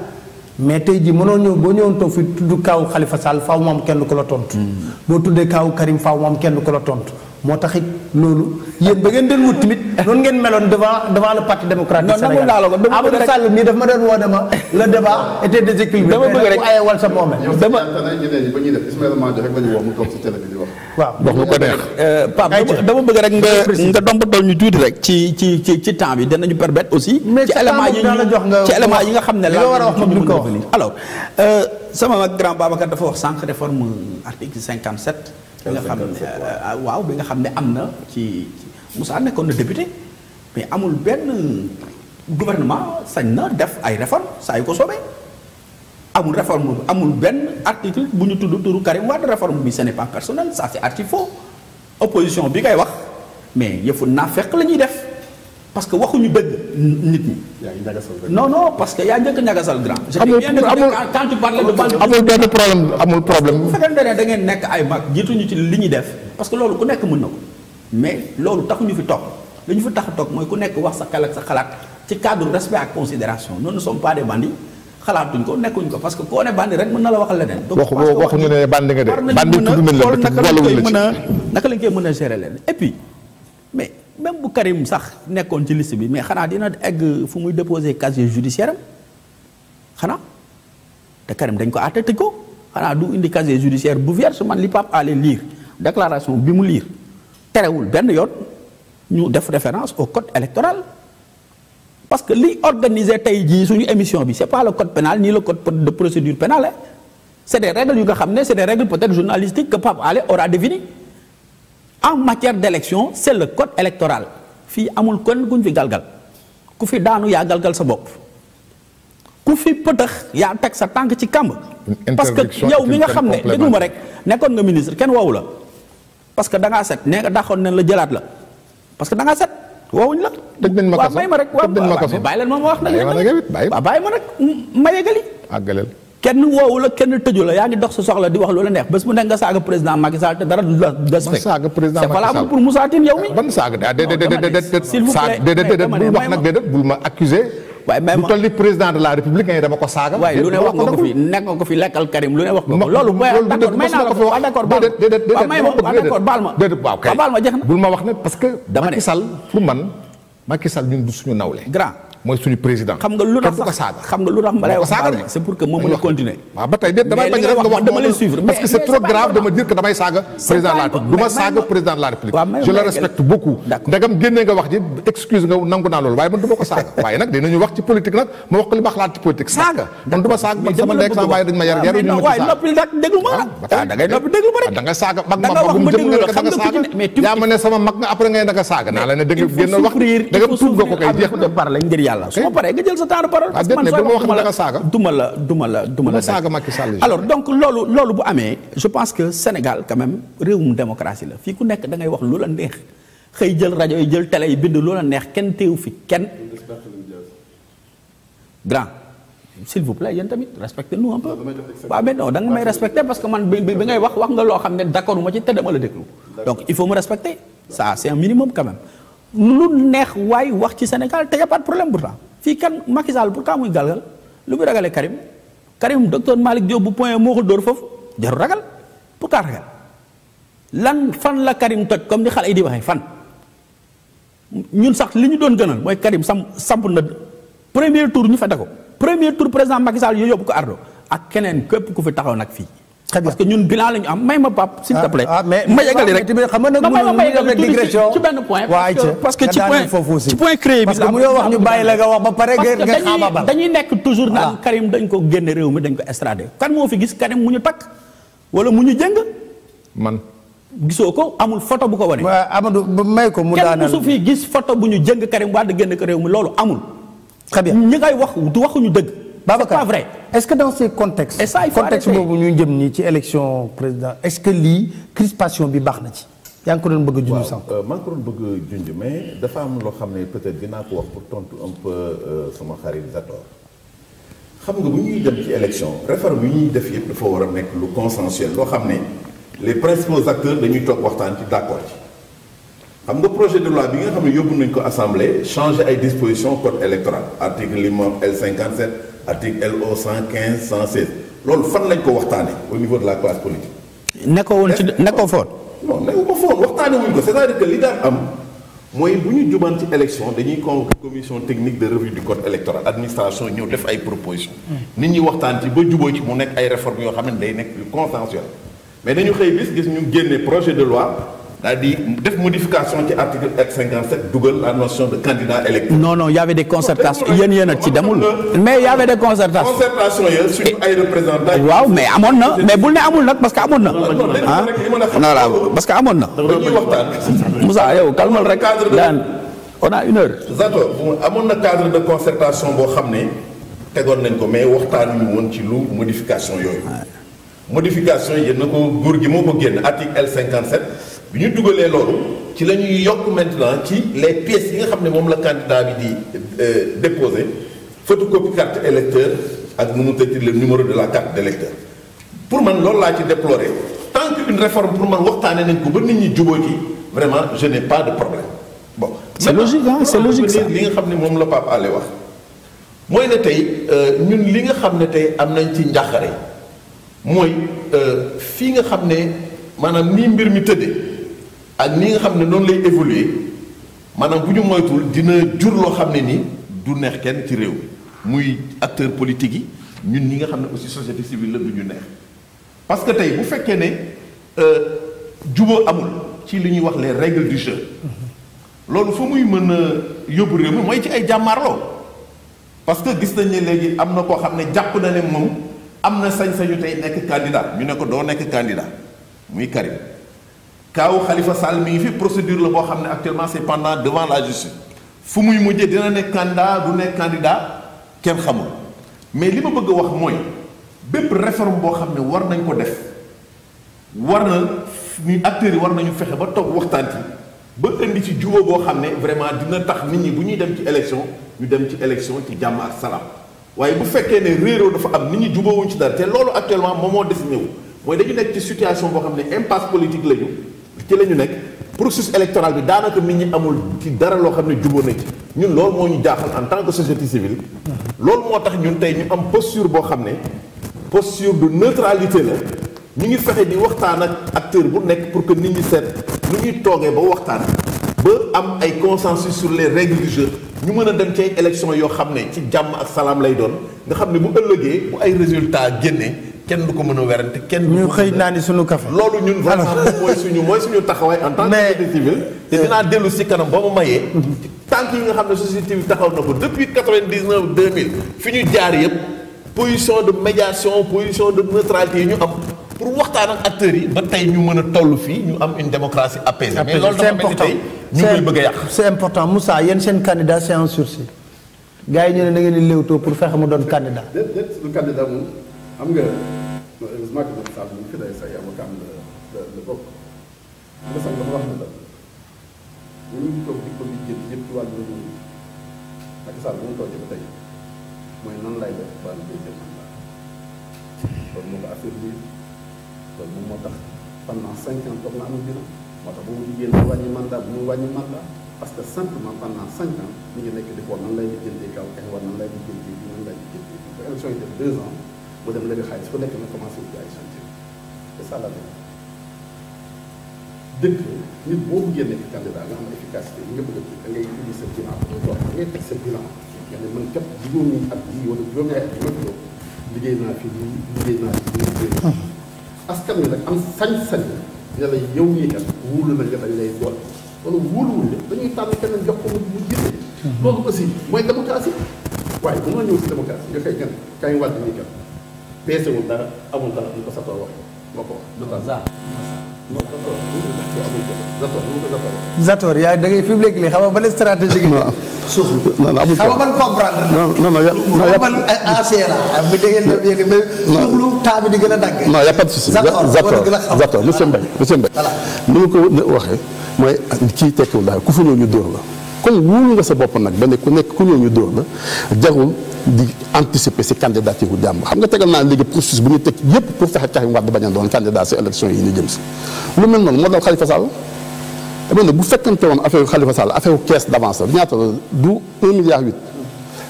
mais tey ji mënoo ñëw boo ñëwoon toog fi tudd kaawu Khalifa Sall faaw mu am kenn ko la tontu. Mm-hmm. boo tuddee kaawu Karim faw moom kenn ko la tontu. moo taxit loolu yéen ba ngeen doon wut tamit noonu ngeen meloon devant devant le parti démocratique sénégalais non nangul la ko Amadou Sall mii daf ma doon woo dama le débat était déséquilibré dama bëgg rek sa moome dama ba ñuy def Ismaïla Madior euh, bëgg rek nga nga dombatoo ñu tuuti rek ci ci ci ci temps bi danañu permettre aussi ci élément yi ci élément yi nga xam ne la a wax ma duñ ko wax alors euh, sama mag grand Babacar dafa wax sànq réforme article 57 bi nga xam ne euh, waaw bi nga xam ne am na ci Moussa nekkoon na député mais amul benn gouvernement sañ na def ay réforme saa yu ko soobee amul réforme amul benn article bu ñu tuddu turu Karim Wade réforme bi ce n'est pas personnel ça c'est archi faux opposition bi ngay wax mais yëfu naafeq la ñuy def parce que waxuñu dëgg nit ñi. non non parce que yaa njëkk a grand. amul quand tu parles de amul benn problème amul problème. bu fekkente ne da ngeen nekk ay mag jiituñu ci li ñuy def parce que loolu ku nekk mën na ko mais loolu taxuñu fi toog li ñu fi tax a toog mooy ku nekk wax sa xel ak sa xalaat ci cadre respect ak considération nous ne sommes pas xalaatuñ ko nekkuñ ko parce que koo ne bandi rek mën na la waxal leneen. waxuñu a naka a gérer leen et puis même bu Karim sax nekkoon ci liste bi mais xanaa dina egg fu muy déposer casier judiciaire am xanaa te Karim dañ ko àtte ko xanaa du indi casier judiciaire bu vierge man li Pape Alé lire déclaration bi mu lire terewul benn yoon ñu def référence au code électoral parce que liy organiser tey jii suñu émission bi c'est pas le code pénal ni le code de procédure pénale c'est des règles yu nga xam ne c'est des règles peut-être que Pape Alé aura en matière d'élection c'est le code électoral fii amul kon kuñ fi galgal ku fi daanu yaa galgal sa bopp ku fi pëtëx yaa teg sa tànk ci kàmb parce que yow mi nga xam ne déglu ma rek nekkoon nga ministre kenn woowu la parce que dangaa set nee nga daxoon nañ la jëlaat la parce que da ngaa set woowuñ la tëj nañ ma kaso waaw may ma rek waaw bàyyi leen moom wax na waaw ma rek ma yegali àggaleel kenn woowu la kenn tëju la yaa ngi dox sa soxla di wax lu la neex bés bu nekk nga saaga président Macky président Macky pour que. dama ne Macky Sall pour man Macky ñun du suñu nawle mooy suñu président. xam nga lu tax sax xam nga lu tax ma lay wax c'est pour que ma mën a continuer. waaw ba tey déet damay bañ rek nga wax dama lay suivre parce que c'est trop grave de me dire que damay saaga président de la République du ma saaga président de la République je le respecte beaucoup ndagam génnee nga wax ji excuse nga nangu naa loolu waaye man du ma ko saaga waaye nag dinañu wax ci politique nag ma wax ko li ma xalaat ci politique saaga man du ma saaga man sama ndek sama bàyyi dañ ma yar yar ñu ma noppil nag déglu ma ah, ah, da ngay noppi déglu ma rek ah, da nga saaga mag ma magum jëm nga da nga saaga yaa ma ne sama mag nga après ngay da nga saaga naa la ne da nga génn wax da nga tuub nga ko kay jeex yàlla su ma paree nga jël sa temps de parole parce que man soo duma la duma la duma la saaga Macky alors donc loolu loolu bu amee je pense que Sénégal quand même réewum démocratie la fii ku nekk da ngay wax lu la neex xëy jël rajo yi jël télé yi bind lu la neex kenn teewu fi kenn grand s'il vous plaît yéen tamit respectez nous un peu waaw mais non da may respecter parce que man bi bi ngay wax wax nga loo xam ne d'accord ma ci te dama la déglu donc il faut me respecter ça c'est un minimum quand même lu neex waaye wax ci Sénégal te y a pas de fii kan Macky Sall pourtant muy galgal lu muy ragalee Karim Karim docteur Malick Diop bu point moo ko dóor foofu jarul ragal pourtant ragal lan fan la Karim toj comme ni xale yi di waxee fan ñun sax li ñu doon gënal mooy Karim sam samp na premier tour ñu fete ko premier tour président Macky Sall yooyu yóbbu ko ardo ak keneen képp ku fi taxaw nag fii très bien parce que ñun bilan la ñu am may ma Pape s'il te ah, plaît. Ah, mais ma yeggali rek xam nga nag ci benn point. parce que ci point ci point créé bi. la wax ñu bàyyi la nga wax ba pare nga xaababal dañuy nekk toujours naan Karim dañ ko génne réew mi dañ ko extradé kan moo fi gis Karim mu ñu takk wala mu ñu jëng man. gisoo ko amul photo bu ko wane. waaw Amadou may ko mu daanal kenn su fi gis photo bu ñu jëng Karim Wade génn ko réew mi loolu amul. très bien ñi ngay wax waxuñu dëgg Babacar c'est pas vrai est-ce que dans ces contextes. et ça il faut contexte boobu ñu jëm nii ci élection président est-ce que lii crispation bi baax na ci. yaa ngi ko doon bëgg a junj sànq. waaw euh, ko doon bëgg a junj mais dafa am loo xam ne peut-être dinaa ko wax pour tontu un peu euh, sama xarit Zator xam nga bu ñuy dem ci élection réforme yi ñuy def yëpp dafa war a nekk lu consensuel loo xam ne les principaux acteurs dañuy toog waxtaan ci d'accord ci. xam nga projet de loi bi nga xam ne yóbbu nañ ko assemblée changer ay dispositions code électoral article li moom l article LO 115 116 loolu fan lañ ko waxtaane au niveau de la classe politique. nekkoo woon ci nekkoo foon. non nekkoo ko foon waxtaanee wuñ ko c'est-à-dire que li daan am mooy bu ñu juban ci élection dañuy convoquer commission technique de revue du code électoral administration ñëw def ay propositions. Hmm. nit ñi waxtaan ci ba juboo ci mu nekk ay réformes yoo xam ne day nekk lu consensuel mais dañu xëy bis gis ñu génne projet de loi. cest à def modification ci article L57 dugal la notion de candidat électeur. non non y avait des concertations yéen yéen a ci demul. mais y avait des concertations. waaw mais amoon na mais bul ne amul nag parce que amoon na. ah voilà que amoon na. Moussa yow calmal rek. daan on a une heure. amoon na cadre de concertation boo xam ne tegoon nañ ko mais waxtaan ñu woon ci lu modification yooyu. modification yi yéen na ko góor gi moo ko génn article L57. bi ñu dugalee loolu ci la ñuy yokk maintenant ci les pièces yi nga xam ne moom la candidat bi di euh, déposé photocopie carte électeur ak nu mu tëdd le numéro de la carte d'électeur pour man loolu laa ci déploré tant qu'une réforme pour man waxtaanee nañ ko ba nit ñi jubóo ci vraiment je n'ai pas de problème bon. c'est logique ah c'est logique li nga xam ne moom la Pape Alé wax mooy ne tey euh, ñun li nga xam ne tey am nañ ci njàqare mooy euh, fii nga xam ne maanaam nii mbir mi tëddee. ak ni nga xam ne noonu lay évoluer maanaam bu ñu moytul dina jur loo xam ne nii du neex kenn ci réew mi muy acteur politique yi ñun ñi nga xam ne aussi société civile la du ñu neex parce que tey bu fekkee ne euh, juboo amul ci li ñuy wax les règles du jeu loolu fa muy mën a yóbbu réew mooy ci ay jàmmaarloo parce que gis nañ ne léegi am na koo xam ne jàpp na ne moom am na sañ-sañu tey nekk candidat ñu ne ko doo nekk candidat muy Karim kaaw Khalifa Sall mi ngi fi procédure la boo xam ne actuellement c'est pendant devant la justice fu muy mujjee dina nekk candidat du nekk candidat kenn xamul mais li ma bëgg a wax mooy bépp réforme boo xam ne war nañ ko def war na ni acteurs yi war nañu fexe ba toog waxtaan ci ba indi ci jubóo boo xam ne vraiment dina tax nit ñi bu ñuy dem ci élection ñu dem ci élection ci jàmm ak salaam waaye bu fekkee ne réeroo dafa am nit ñi jubóowuñ ci dara te loolu actuellement moom moo dessiné wu mooy dañu nekk ci situation boo xam ne impasse politique la ñu. ci la ñu nekk processus électoral bi daanaka mi ñi amul ci dara loo xam ne jubóo na ci ñun loolu moo ñu jaaxal en tant que société civile. loolu moo tax ñun tey ñu am posture boo xam ne posture de neutralité la ñu ngi fexe di waxtaan ak acteur bu nekk pour que nit ñi seet nu ñuy toogee ba waxtaan ba am ay consensus sur les règles du jeu ñu mën a dem ci ay élection yoo xam ne ci jàmm ak salaam lay doon nga xam ne bu ëllëgee bu ay résultat génnee. kenn du ko mën a werante kenn ñu xëy naa ni suñu kafe loolu ñun vraiment moom mooy suñu mooy suñu taxawaay en tant que société euh, dellu si kanam ba mu mayee yi nga xam ne société civile taxaw na ko depuis 99 2000 fi ñu jaar yëpp position de médiation position de neutralité yi ñu am pour waxtaan ak acteurs yi ba tey ñu mën a toll fii ñu am une démocratie apaisée mais loolu dafa mel ni tey ñu ngi bëgg a yàq c'est important Moussa yéen seen candidat c'est en sursis gars yi ñu ne na ngeen di léewtoo pour fexe mu doon candidat candidat moom xam nga heureusement que Macky Sall mu ngi fi day say avocat am la e la la bokk nga sax dafa wax ne la bu ñu toog di ko lijjël yëpp ci wàllu réew mi Macky Sall bu mu toogee ba tey mooy nan lay def ba ñu jël mandat loolu moo ko affaiblir loolu moom moo tax pendant cinq ans toog na amul bilan moo tax bu mu liggéey na wàññi mandat bu mu wàññi mandat parce que simplement pendant cinq ans ñu ngi nekk di xool nan lay lijjëndee kaw kañ war nan lay lijjëndee bi nan lay lijjëndee bi ba élection yi def deux ans mu dem léegi xaalis ku nekk na commencé wu jaay chantier c'est ça la dëkk nit boo bëggee nekk candidat nga a da ngay indi yi wala juróomi at yi ma liggéey naa fi lii askan wi nag am sañ-sañ ne la yow ñii kat wóolu na nga dañ lay doon wala wóoluwul la dañuy tànn keneen ko mu jiite hmm. loolu aussi mooy démocratie waaye bu ma ñëw si démocratie nga xëy kan kaay wàllu nii kat peesewul dara amul dara ñu ko satoo wax moo ko wax du ko za Zator yaa da ngay fi mu nekk nii xam nga ban stratégie gi. waaw suuf non non xam nga ban comprendre. non non non yàpp non yàpp man ACLA. bu déggee ñoom yéen mais. suuf taa bi di gën a dagg. non y' a pas de souci Zator Zator monsieur Mbaye monsieur Mbaye. voilà ni ma ko waxee mooy kii tekkiwul daal ku fa ñëw ñu dóor la. kon wóolu nga sa bopp nag ba ne ku nekk ku ñëw ñu dóor la jarul di anticiper si candidature yu jàmm xam nga tegal naa léegi processus bu ñu teg yépp pour fexe Karim Wade bañ a doon candidat si élection yi ñu jëm si lu mel noonu moo dal Khalifa Sall dama ne bu fekkante woon affaire Khalifa Sall affaire caisse d'avance la ñaata la du 1 milliard 8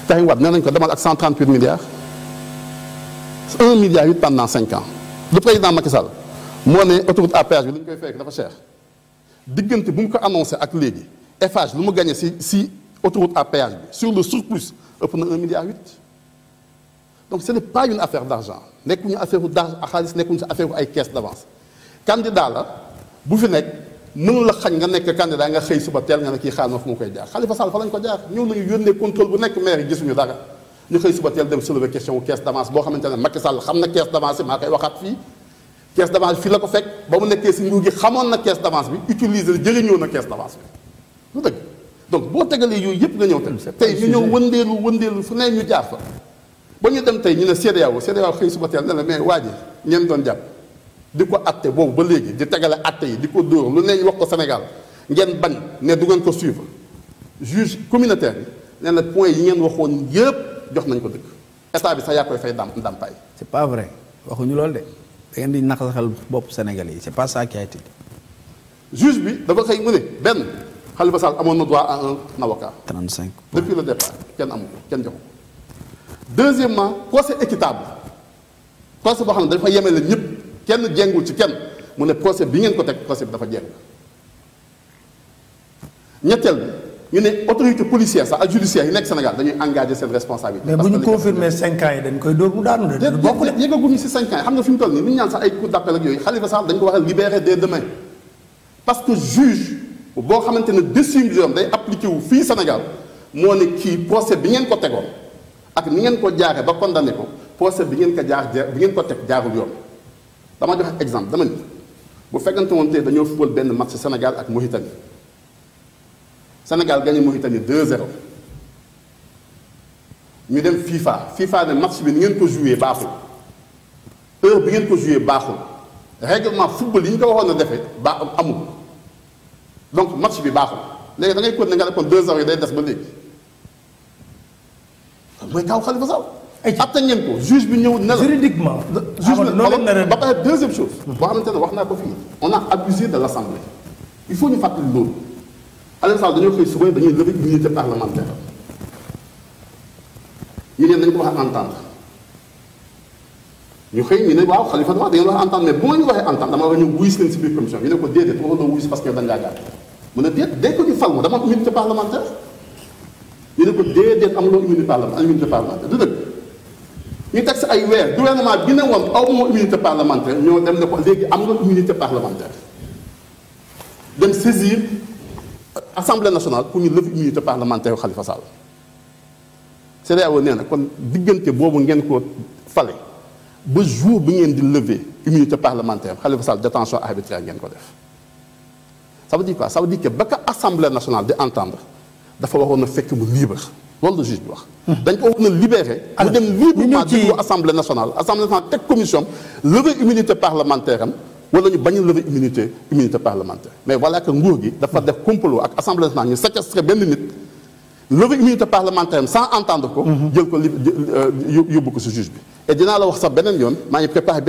Karim nee nañ ko demal ak 138 milliards 1 milliard 8 pendant 5 ans le président Macky moo ne autoroute à péage bi li diggante bu mu ko annoncé ak léegi Eiffage lu mu gagné si si autoroute à péage bi sur le surplus ëpp na un milliard huit donc ce n'est pas une affaire d'argent nekkuñu affaire d'argent xaalis nekkuñu si affaire ay la bu fi nekk mënu la xañ nga nekk candidat nga xëy suba teel nga ne kii xaar fu ma koy jaar Khalifa Sall fa lañ ko jaar ñëw nañu yónnee contrôle bu nekk maire gisuñu dara ñu xëy suba teel dem soulever question caisse d'avance boo xamante ne Macky Sall xam na caisse lu dëgg donc boo tegalee yooyu yëpp nga ñëw teg tey ñu ñëw wëndeelu wëndeelu fu ne ñu jaar fa ba ñu dem tey ñu ne CEDEAO CEDEAO xëy suba teel ne la mais waa ji ñeen doon jàpp di ko atte boobu ba léegi di tegale atte yi di ko dóor lu ne ñu wax ko Sénégal ngeen bañ ne du ngeen ko suivre juge communautaire bi nee na point yi ngeen waxoon yëpp jox nañ ko dëkk état bi sax yaa koy fay dam ndàmpaay c'est pas vrai waxuñu lool de da ngeen di naxasaxal bopp Sénégalais yi c'est pas ça qui a été juge bi dafa xëy mu ne benn Khalifa Sall amoon na droit à un avocat. 35 depuis le départ kenn amul kenn joxu deuxièmement procès équitable procès boo xam ne dafa yemale ñëpp kenn jengul ci kenn mu ne procès bi ngeen ko teg procès bi dafa jeng ñetteel bi ñu ne autorité policière sax ak judiciaire yi nekk Sénégal dañuy engagé seen responsabilité. mais bu ñu confirmé 5 ans yi dañ koy dóor mu daanu de. bokk de yëgaguñu si 5 ans yi xam nga fi mu toll nii ñaan sax que juge. boo xamante ne décision bi day appliqué wu fii Sénégal moo ne kii procès bi ngeen ko tegoon ak ni ngeen ko jaaree ba condamné ko procès bi ngeen ko jaar bi ngeen ko teg jaarul yoon dama joxe exemple dama ni bu fekkante woon tey dañoo fubal benn match Sénégal ak Mauritanie Sénégal gagné Mauritanie 2-0 ñu dem FIFA FIFA ne match bi ngeen ko joué baaxul heure bi ngeen ko joué baaxul réglement football yi ñu ko waxoon a defee ba amul. donc match bi baaxul léegi da ngay continuer nga ne kon deux heures yi day des ba léegi mooy kaw Khalifa Sall. atta ngeen ko juge bi ñëw ne la juridiquement. juge bi ba pare deuxième chose. boo ne wax naa ko fii on a abusé de l' assemblée. il faut ñu fàttali loolu Khalifa Sall dañoo koy suba dañuy lever immunité parlementaire ñu ne nañu ko wax entendre ñu xëy ñu ne waaw Khalifa dañu wax entendre mais bu ñu waxee entendre dama la ñu wuyu si leen si biir commission ñu ne ko déedéet waxoon na wuyu si parce que dañ gàtt. mu ne déet dégg ko ñu fal ma dama am immunité parlementaire ñu ne ko déedéet amuloo immunité parlementaire immunité parlementaire du dëgg ñu teg si ay weer gouvernement bi ne woon aw moo immunité parlementaire ñoo dem ne ko léegi am nga immunité parlementaire dem saisir assemblée nationale pour ñu lever immunité parlementaire Khalifa Sall CEDEAO nee na kon diggante boobu ngeen ko fale ba jour bi ngeen di lever immunité parlementaire Khalifa Sall détention arbitraire ngeen ko def ça veut dire quoi ça veut que ba ko assemblée nationale di entendre dafa waroon a fekk mu libre loolu la juge bi wax. dañ ko waroon a libéré. mu dem librement déglu assemblée nationale assemblée nationale teg commission lever immunité parlementaire am wala ñu bañ a lever immunité immunité parlementaire mais voilà que nguur gi. dafa def complot ak assemblée nationale ñu séquestré benn nit. lever immunité parlementaire sans entendre ko. jël ko li euh, yóbbu ko si juge bi. et dinaa la wax sax beneen yoon maa ngi préparé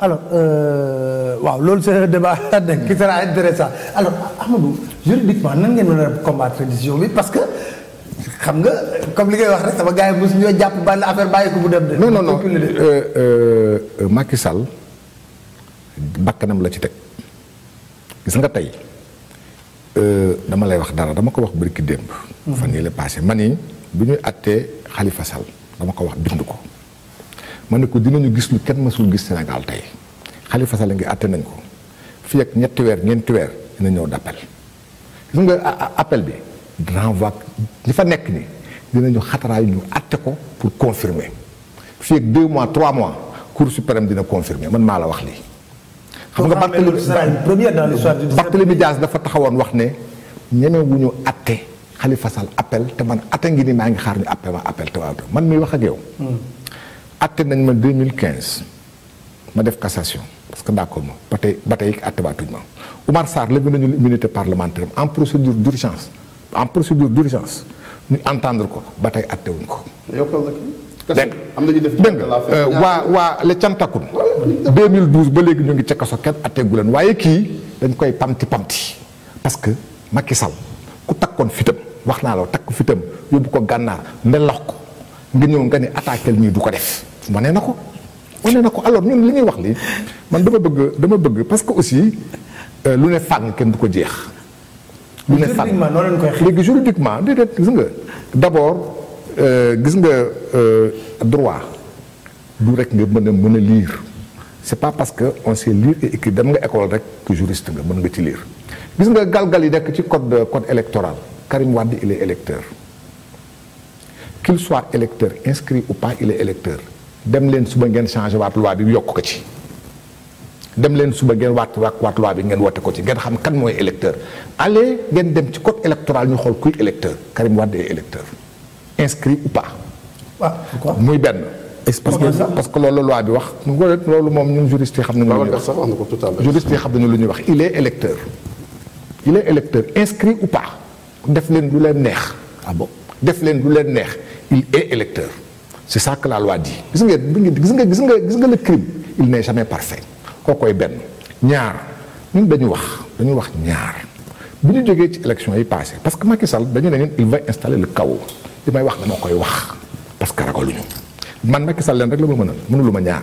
alors euh, waaw loolu c'est un débat sa sera intéressant alors Amadou juridiquement nan ngeen mën a combattre décision bi parce que xam nga comme li ngay wax rek sama gars yi mosu ñoo jàpp benn affaire bàyyi ko bu dem de. non non non euh, euh, Macky bakkanam la ci teg gis nga tey dama lay wax dara dama ko wax bërki démb. Mm-hmm. fan yii la passé man yi bu ñuy attee Khalifa Sall dama ko wax bind ko. ma ne ko dina ñu gis lu kenn mësul gis Sénégal tey Khalifa Sall ngi àtte nañ ko fii ak ñetti weer ñeenti weer dina ñëw d' appel gis nga appel bi renvoi li fa nekk ni dinañu xataraay ñu àtte ko pour confirmer fii ak deux mois trois mois su suprême dina confirmer man maa la wax lii. xam nga Barthélémy première dans l'histoire du Barthélémy dafa taxawoon wax ne ñemewuñu àtte Khalifa Sall appel te man àtte ngi ni maa ngi xaar ñu appel ma appel te waaw man miy wax a atte nañ ma mille 2015 ma def cassation parce que d'accord ma ba tey ba tey atte baatuñ ma Oumar Sarr levé nañu immunité parlementaire en procédure d'urgence en procédure d'urgence ñu entendre ko ba tey atte wuñ ko. dégg nga euh, waa waa le cantakun 2012 ba léegi ñoo ngi ca kaso kenn atteegu leen waaye kii dañ koy pamti pamti parce que Macky Sall ku takkoon fitam wax naa la takk fitam yóbbu ko gànnaar ndelax ko ngi ñëw nga ne attaqué ñii du ko def wane na ko wane na ko alors ñun li ngay wax li man dama bëgg dama bëgg parce que aussi euh, lu ne fànn kenn du ko jeex. lu ne fànn léegi juridiquement déedéet gis nga d'abord euh, gis nga euh, droit du rek nga mën a mën a lire c'est pas parce que on sait lire dem nga école rek que juriste nga mën nga ci lire gis nga galgal yi nekk ci code code électoral Karim Wade il est électeur qu'il soit électeur inscrit ou pas il est électeur dem leen suba ngeen changé waat loi bi yokk ko ci dem leen suba ngeen waat waat waat loi bi ngeen wote ko ci ngeen xam kan mooy électeur allez ngeen dem ci code électoral ñu xool kuy électeur Karim Wade est électeur inscrit ou pas. waaw pourquoi muy benn. parce que parce que loolu loi bi wax. loolu moom ñun juriste yi xam lu ñuy wax juriste yi xam nañu lu ñuy wax il est def leen lu leen neex. ah bon def leen lu leen neex il est électeur. ci ça que la loi gis nga gis nga gis nga gis nga le crime il n'est jamais parfait kookoy benn ñaar ñun dañu wax dañu wax ñaar bu ñu jógee ci élection yi passé parce que Macky Sall dañu ne ñun il va installer le chaos li may wax dama koy wax parce que ragaluñu man Macky Sall leen rek la ma mënal mënulu ma ñaar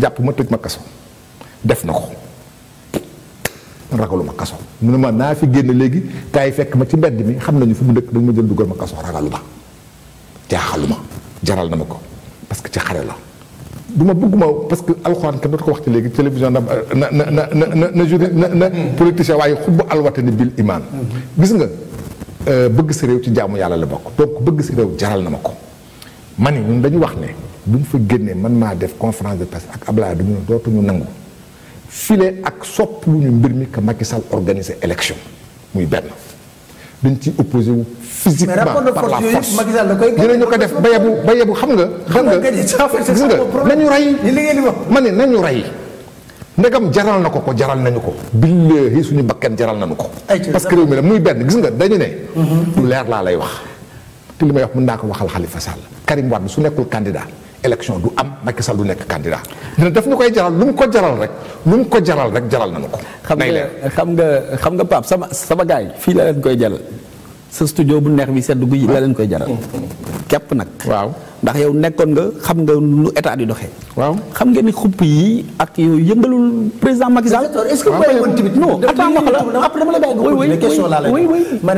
jàpp ma tëj ma kaso def na ko man ragalu ma kaso mu ne ma naa fi génn léegi kaay fekk ma ci mbedd mi xam nañu fu mu dëkk dañ ma jël dugal ma kaso ragalu ma jaaxalu ma jaral na ma ko parce que ci xare la du ma bëgguma parce que alxuraan kenn dootu ko wax ci léegi télévision na na na na na na juri na na politicien waaye xubbu alwatani bil imaan gis nga euh, bëgg sa réew ci jaamu yàlla la bokk donc bëgg sa réew jaral na ma ko ma ni ñun dañu wax ne bu ñu fa génnee man maa def conférence de presse ak Ablaye du ñu dootuñu nangu file ak soppi wu ñu mbir mi que Macky Sall organiser élection muy benn dañ ciy opposé wu ma par la force dinañu ko def ba yebu ba yebu xam nga. xam nga gis nga nañu rey. ma ne nañu rey. ndegam jaral na ko ko jaral nañu ko. billahi suñu bakkan jaral nañu ko. parce que réew muy benn gis nga dañu ne. Mm-hmm. leer laa lay wax. te li may wax mën ko waxal Khalifa Sall Karim Wade su nekkul candidat élection du am Macky Sall du nekk candidat dina daf ñu koy jaral lu mu ko jaral rek lu ko jaral rek jaral nañu ko. nay leer xam nga xam nga Pape sama sama gars yi fii la leen koy jaral. sa studio bu neex bi sedd guy yi la leen koy jaral. Mm. képp nag. waaw ndax yow nekkoon nga xam nga nu état di doxe waaw xam ngeen ni xupp yi ak yow yëngalul président Macky Sall. est-ce que bàyyi woon tamit. non ma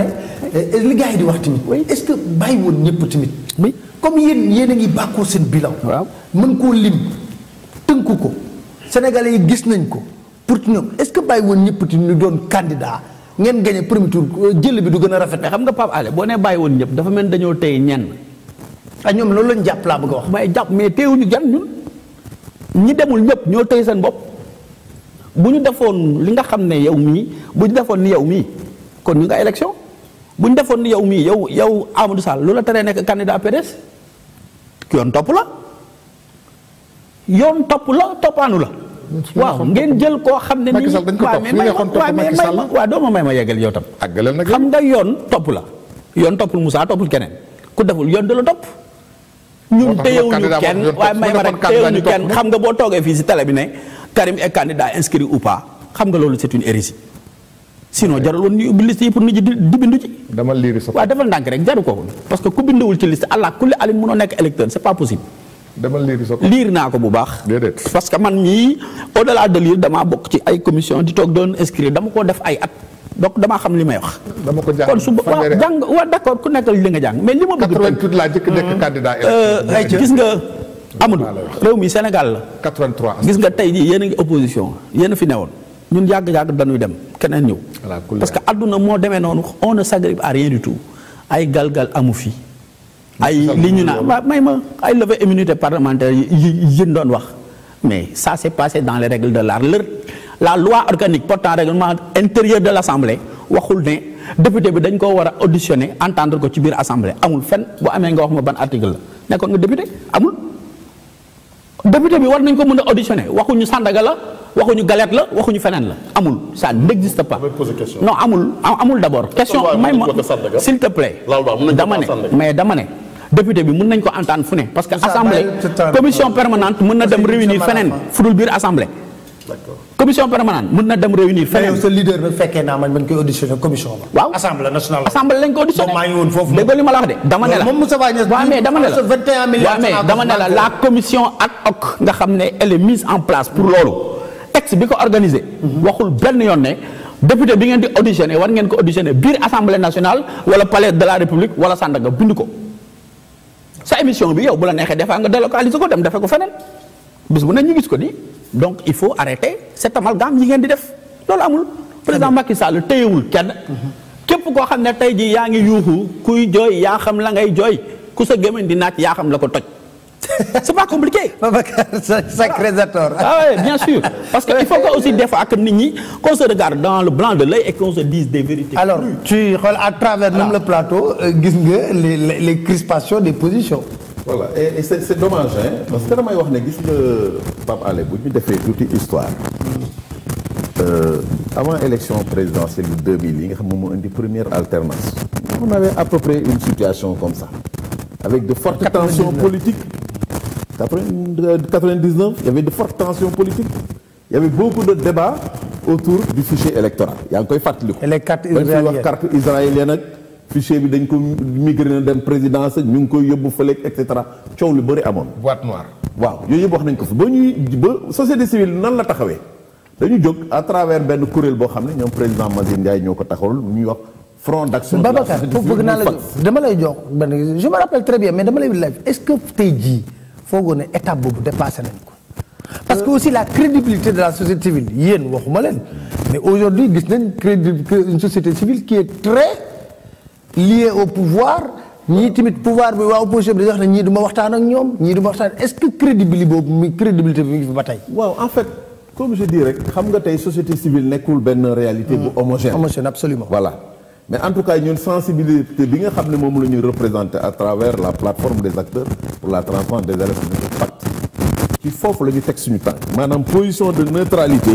eh, li gars yi di wax tamit. est-ce que bàyyi woon ñëpp tamit. oui comme yéen yéen a ngi bàkkoo seen bilan. waaw mën koo lim tënku ko sénégalais yi gis nañ ko pour ñoom est-ce que bàyyi woon ñëpp tamit ñu doon candidat. ngeen gagné premier tour euh, jël bi du gën a rafet mais xam nga Pape Alé boo nee bàyyi woon ñëpp dafa mel dañoo tey ñenn. ah ñoom loolu lañ jàpp laa bëgg a wax. mais jàpp mais teewuñu gan ñun ñi demul ñëpp ñoo tey seen bopp bu ñu defoon li nga xam ne yow mii bu ñu defoon ni yow mii kon ñu nga élection bu ñu defoon ni yow mii yow yow Amadou Sall loola teree nekk candidat PDS yoon topp la yoon topp la toppaanu la. waaw ngeen jël koo xam ne. Macky Sall dañ ko topp li nga xam topp Macky Sall ma may ma yeggal yow tam. àggaleel nag xam nga yoon topp la yoon toppul Moussa toppul keneen ku deful yoon da la topp. ñun téyewuñu kenn waaye may ma rek téyewuñu kenn xam nga boo toogee fii si télé bi ne Karim est candidat inscrit ou xam nga loolu c'est une hérésie sinon jarul woon sa waaw defal ndànk rek jaru ko parce que ku bindawul ci liste allah kulli alin munoo nekk électeur c'est pas possible dama liir liir naa ko bu baax. déedéet parce que man mii au delà de liir damaa bokk ci ay commission di toog doon inscrire dama koo def ay at. donc damaa xam li may wax. dama ko jàng kon su waaw jàng waaw d'accord ku nekkal li nga jàng mais li ma bëgg. 88 laa jëkk nekk hmm. candidat euh, gis nga. Amadou réew mi Sénégal la. gis nga tey jii yéen a ngi opposition yéen a fi newoon. ñun yàgg-yàgg dañuy dem keneen ñëw. parce que àdduna moo demee noonu on ne s'agrippe à rien du tout ay galgal amu fii ay li ñu naan may ma ay levée immunité parlementaire yi yi doon wax mais sa s'est passé dans les règles de l'art leur la loi organique portant règlement intérieur de l'Assemblée waxul ne député bi dañ koo war a auditionner entendre ko ci biir assemblée amul fenn bu amee nga wax ma ban article la nekkoon nga député amul député bi war nañ ko mën a auditionner waxuñu Sandaga la waxuñu galette la waxuñu feneen la amul ça n'existe pas non amul amul d'abord question may ma s'il ne député bi mun nañ ko entendre fu ne parce que assemblée commission permanente mën na dem réunir feneen fudul biir assemblée commission permanente mën na dem réunir feneen sa leader nag fekkee naa man bañ koy auditionné commission ba waaw assemblée nationale assemblée lañ ko auditionné mais dama ne la commission ad hoc nga xam ne elle est mise en place pour loolu texte bi ko organisé mhm. waxul benn yoon ne député bi ngeen di auditionné war ngeen ko auditionné biir assemblée nationale wala palais de la république wala Sandaga bind ko sa émission bi yow bu la neexee des fois nga délocaliser ko dem defee ko feneen bis bu ne ñu gis ko ni donc il faut arrêter cet amalgame yi ngeen di def loolu amul. président Macky Sall téyewul kenn. képp koo xam ne tey jii yaa ngi yuuxu kuy jooy yaa xam la ngay jooy ku sa gémmiñ di naaj yaa xam la ko toj. c'est pas compliqué. Babacar sacré ah bien sûr parce que il faut que aussi des fois ak nit ñi dans le blanc de l'œil et qu'on se dise des vérités. alors tu xool à travers même le plateau euh, gis nga les les crispations des positions. voilà et, et parce que damay wax ne gis nga Pape ñu defee tuuti histoire. Hmm. Euh, avant élection présidentielle bu 2000 yi nga xam moom moo indi première alternance on avait à peu près une situation comme ça avec de fortes tensions politiques Après 99, il y avait de fortes tensions politiques. Il y avait beaucoup de débats autour du fichier électoral. yaa ngi koy fàttaliku. les cartes israéliennes wax carte israélienne ak fichier bi dañ ko migré na dem présidence ñu ngi koy yóbbu fële et cetera coow lu bëri amoon. boîte noire. waaw yooyu yëpp wax nañ ko fi ba ñuy ba société civile nan la taxawee dañu jóg à travers benn kuréel boo xam ne ñoom président Mazine Ndiaye ñoo ko taxawal ñuy wax. front d'action Babacar foofu naa la dama lay jox benn que tey jii. foogoo ne étape boobu dépassé nañ ko parce que aussi la crédibilité de la société civile yéen waxuma leen mais aujourd'hui gis nañ crédit une société civile qui est très liée au pouvoir ñii tamit pouvoir bi waa opposition bi dañuy wax ne ñii du waxtaan ak ñoom ñii du ma waxtaan est-ce que crédibilité boobu mi crédibilité bi mu fi ba tey. waaw en fait comme je dis rek xam nga tey société civile nekkul benn réalité. bu mm. homogène homogène absolument mais en tout cas ñun sensibilité bi nga xam ne moom la ñuy représenter à travers la plateforme des acteurs pour la transparence des élèves du ci foofu la ñu teg suñu tànk maanaam position de neutralité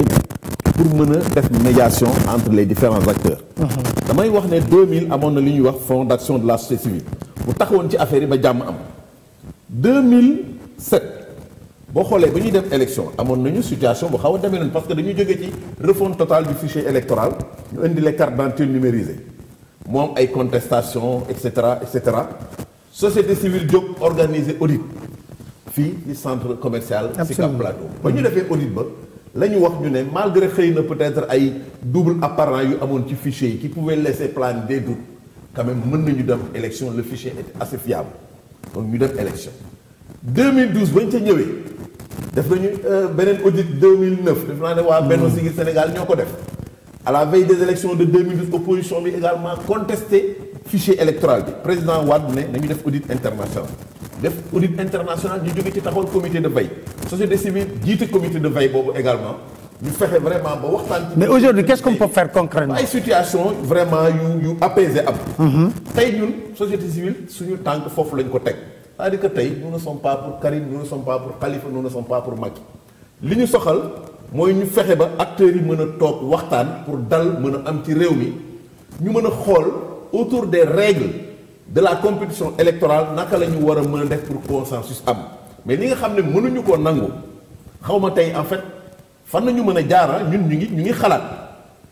pour mën a def médiation entre les différents acteurs mm-hmm. damay wax ne 2000 amoon na li ñuy wax fonds d'action de la société civile bu taxawoon ci affaire yi ba jàmm am 2007 boo xoolee ba ñuy def élection amoon nañu situation bu xaw a demee noonu parce que dañu jógee ci refonte totale du fichier électoral ñu indi les cartes d'identité numérisées moom ay contestation et cetera et cetera société civile jóg organiser audit fii ci centre commercial Sicap Plateau ba ñu defee audit ba lañu ñu wax ñu ne malgré xëy na peut-être ay double apparent yu amoon ci fichier yi qui pouvait laisser planer des doutes quand même mën nañu dem élection le fichier est assez fiable donc ñu dem élection 2012 ba ñu ca ñëwee def nañu euh, beneen audit 2009 def naa ne waa Benno Siggil Sénégal ñoo ko def à la veille des élections de 2012 opposition bi également contesté fichier électoral bi président Wade ne nañu def audit international def audit international ñu jóge ci taxawal comité de veille société civile jiite comité de veille boobu également ñu fexe vraiment ba waxtaan. mais aujourd'hui qu'est-ce qu'on peut faire concrètement. ay situation vraiment yu yu apaisé am. Mm-hmm. tey ñun société civile suñu tànk foofu lañ ko teg cest à que tey nous ne sommes pas pour Karim nous ne sommes pas pour Khalifa mooy ñu fexe ba acteurs yi mën a toog waxtaan pour dal mën a am ci réew mi ñu mën a xool autour des règles de la compétition électorale naka la ñu war a mën a def pour consensus am mais li nga xam ne mënuñu koo nangu xaw ma tey en fait fan na ñu mën a jaara ah, ñun ñu ngi ñu ngi xalaat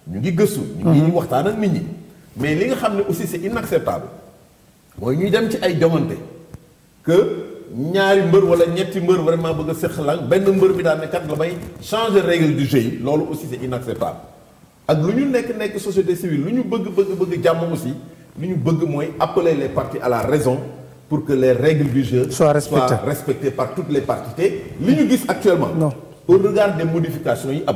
ñu ngi gëstu. ñu ngi mhm. waxtaan ak nit ñi. mais li nga xam ne aussi c'est inacceptable mooy ñuy dem ci ay jomante que. ñaari mbër wala ñetti mbër vraiment bëgg a sëq lang benn mbër bi daal ne kat la may changer règle du jeu yi loolu aussi c'est inacceptable ak lu ñu nekk nekk société civile lu ñu bëgg bëgg bëgg jàmm aussi lu ñu bëgg mooy appeler les parties à la raison pour que les règles du jeu soient respectées, par toutes les parties te li ñu gis actuellement non au regard des modifications yi am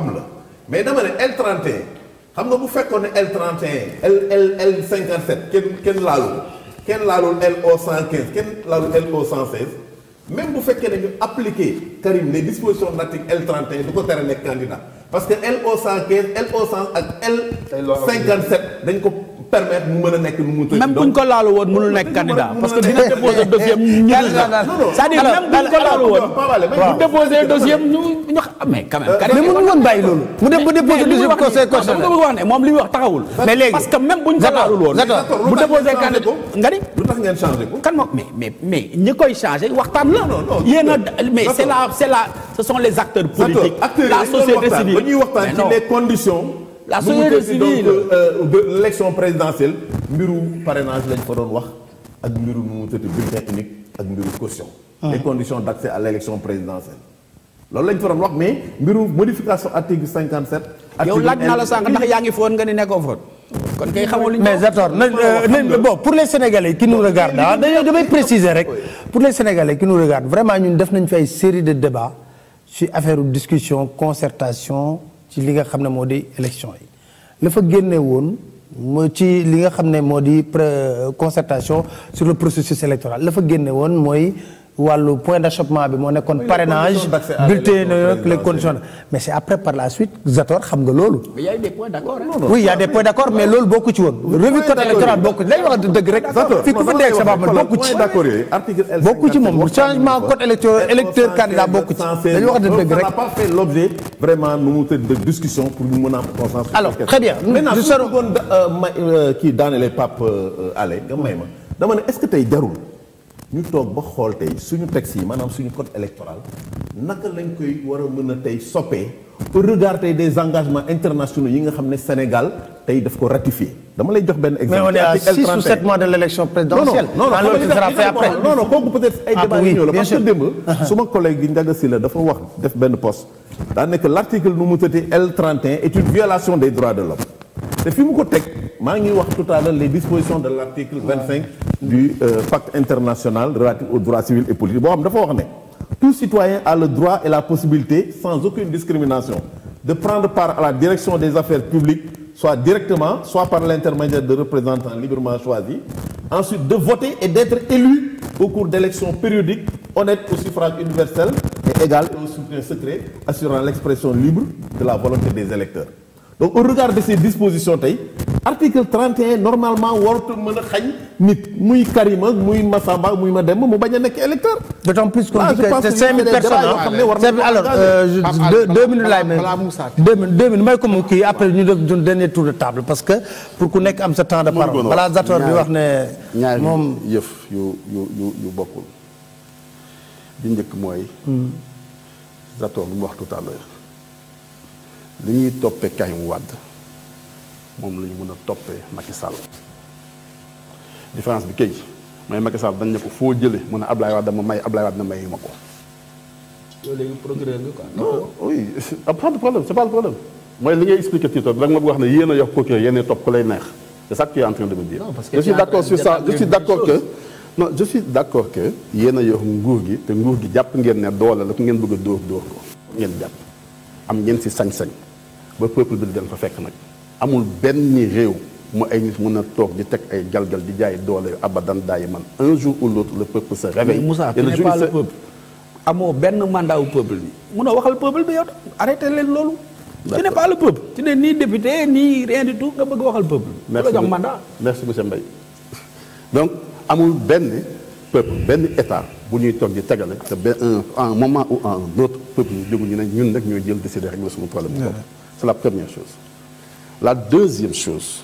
am la mais dama ne L31 xam nga bu fekkoon ne L31 L L L57 kenn kenn laalul kenn laalul LO115 kenn o LO116 même bu fekkee ne ñu appliqué Karim les dispositions de l'article L31 du ko tere nekk candidat parce que LO115 o 100 ak L57 dañ ko. permettre mu mën a nekk nu mu tëj. même nekk candidat parce que dina déposé dossier am ñu. c'est-à-dire même buñ ko laalu woon. bu déposé dossier am ñu ñu ah, mais quand même. mais mënuñu woon bàyyi loolu. mu dem ba déposé dossier bi conseil constitutionnel dama ko wax ne moom li ñu wax taxawul. mais léegi parce que même buñ mais mais mais ñi koy waxtaan la. non non a mais c'est la c'est la ce sont les acteurs politiques. la société civile mais non. la société civile donc euh, euh, l'élection présidentielle mbiru parrainage lañ fa doon wax ak mbiru nu mu tëdd bulletin unique ak mbiru caution. les conditions d'accès à l'élection présidentielle. loolu lañ fa doon wax mais mbiru modification article 57. yow laaj naa la sànq ndax yaa ngi foon nga ni nekkoo foon. kon kay xamoo li mais d'accord euh, bon pour les sénégalais qui nous regardent ah dañoo damay préciser rek pour les sénégalais qui nous regardent vraiment ñun def nañu fay ay série de débats affaire discussion concertation. ci li nga xam ne moo di élection yi lafa fa génne woon moo ci li nga xam ne moo di pre concertation sur le processus électoral lafa génne woon mooy wàllu point d'achoppement bi moo nekkoon parrainage bulletin nag les conditions mais c'est après par la suite Zator xam ga loolu oui il des points d'accord mais loolu bokku ci woon revue code électoral bokku ci lay wax dëgg rek fii ku fa sa baab man bokku ci changement code électoral électeur candidat bokku ci dañu wax dëgg rek ça n'a pas fait l'objet vraiment nu mu tëdd de discussion pour ñu mën a am consensus alors très bien maintenant su bëggoon euh, euh, kii daanelee Pape euh, Alé nga ma dama ne ce que tey jarul ñu toog ba xool tey suñu texte yi maanaam suñu code électoral naka lañ koy war a mën a tey soppee au regard tey des engagements internationaux yi nga xam ne Sénégal tey daf ko ratifié dama lay jox benn exemple. mais on est de l' élection présidentielle. non non non non kooku peut ay ah, débat yi ñëw la parce que démb. Ah. collègue bi Ndiaga Sylla dafa wax def benn poste daa nekk l' article nu mu tëddee L31 est une violation des droits de l'homme te fi mu ko teg maa ngi wax tout à l'heure les dispositions de l'article 25 du euh, pacte international relatif aux droits civils et politiques boo xam dafa wax ne tout citoyen a le droit et la possibilité sans aucune discrimination de prendre part à la direction des affaires publiques soit directement soit par l'intermédiaire de représentants librement choisis ensuite de voter et d'être élu au cours d'élections périodiques honnêtes au suffrage universel et égal et au scrutin secret assurant l'expression libre de des électeurs donc au regard de ces dispositions tey article 31 normalement warut mën a xañ nit muy Karima muy Massamba muy Mademba mu bañ a nekk électeur. d'autant plus ah, que c'est 5000 personnes alors deux minutes laay may deux minutes deux minutes may ko mu kii après ñu def de table parce que pour ku nekk am sa temps de parole. balaa Zator bi wax ne. ñaari moom yëf yu yu yu yu bokkul bi njëkk mooy. Hmm. Zator bi mu wax tout à li ñuy toppee Karim Wade moom la ñu mën a topp Macky Sall différence bi kay mooy Macky Sall dañ ne ko foo jëlee mën a Ablaye Wade dama may Ablaye Wade na mayu ma ko. yow léegi procureur nga quoi. non oui ah, pas de problème c'est pas le problème mooy li ngay expliqué Tito rek ma wax ne yéen a yor procureur yéen a topp ku lay neex c'est ça que tu es en train de me dire. non parce que je suis d'accord sur nguur gi te nguur gi jàpp ngeen ne doole la ku ngeen bëgg a dóor dóor ko ngeen jàpp am ngeen si sañ-sañ. ba peuple bi di fa fekk nag amul benn réew mu ay mën a toog di teg ay galgal di jaay doole abadan daay man ou le peuple se réveille. amoo benn mandat wu peuple bi munoo waxal peuple bi leen loolu. tu n'es pas le peuple. tu n'es ni député ni rien du tout nga merci jox mandat merci donc amul benn peuple benn état bu ñuy toog di tegale te ba un un moment ou un autre ñun nag ñooy jël décider rek suñu problème bi. C'est la première chose. La deuxième chose,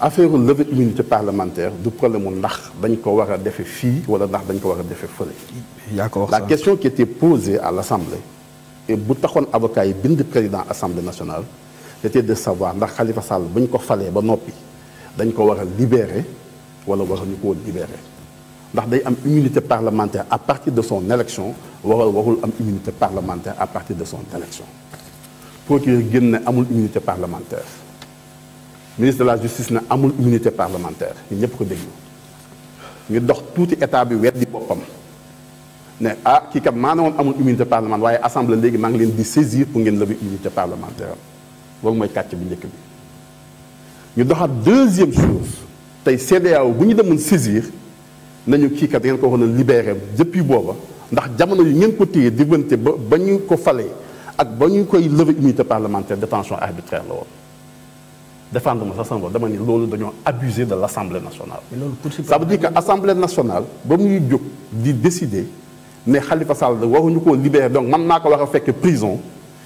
affaire levée immunité parlementaire du problème ndax dañ ko war defe fii wala ndax dañ ko war a defe fële. La question qui était posée à l'Assemblée et bu taxoon avocat yi bind président Assemblée nationale c'était de savoir ndax Khalifa Sall ba ñu ko falee ba noppi dañ ko war a wala wala ñu ko libérer ndax day am immunité parlementaire à partir de son élection waral warul am immunité parlementaire à partir de son élection procureur génn na amul immunité parlementaire ministre de la justice na amul immunité parlementaire ñu ñëpp ko déglu ñu dox tuuti état bi di boppam ne ah kii kat maa ne woon amul immunité parlementaire waaye assemblée léegi maa ngi leen di saisir pour ngeen lever immunité parlementaire am loolu mooy kàcc bu njëkk bi. ñu doxaat deuxième chose tey CEDEAO bu ñu demoon saisir nañu kii kat ngeen ko waxoon libéré depuis booba ndax jamono yu ngeen ko téye diggante ba ba ñu ko falee. ak ba ñu koy lever immunité parlementaire détention arbitraire la woon défendre ma sax sama bopp ni loolu dañoo abusé de l' assemblée nationale. ça veut dire que assemblée nationale ba muy jóg di décider ne Khalifa Sall waruñu koo libérer donc man naa ko war a fekk prison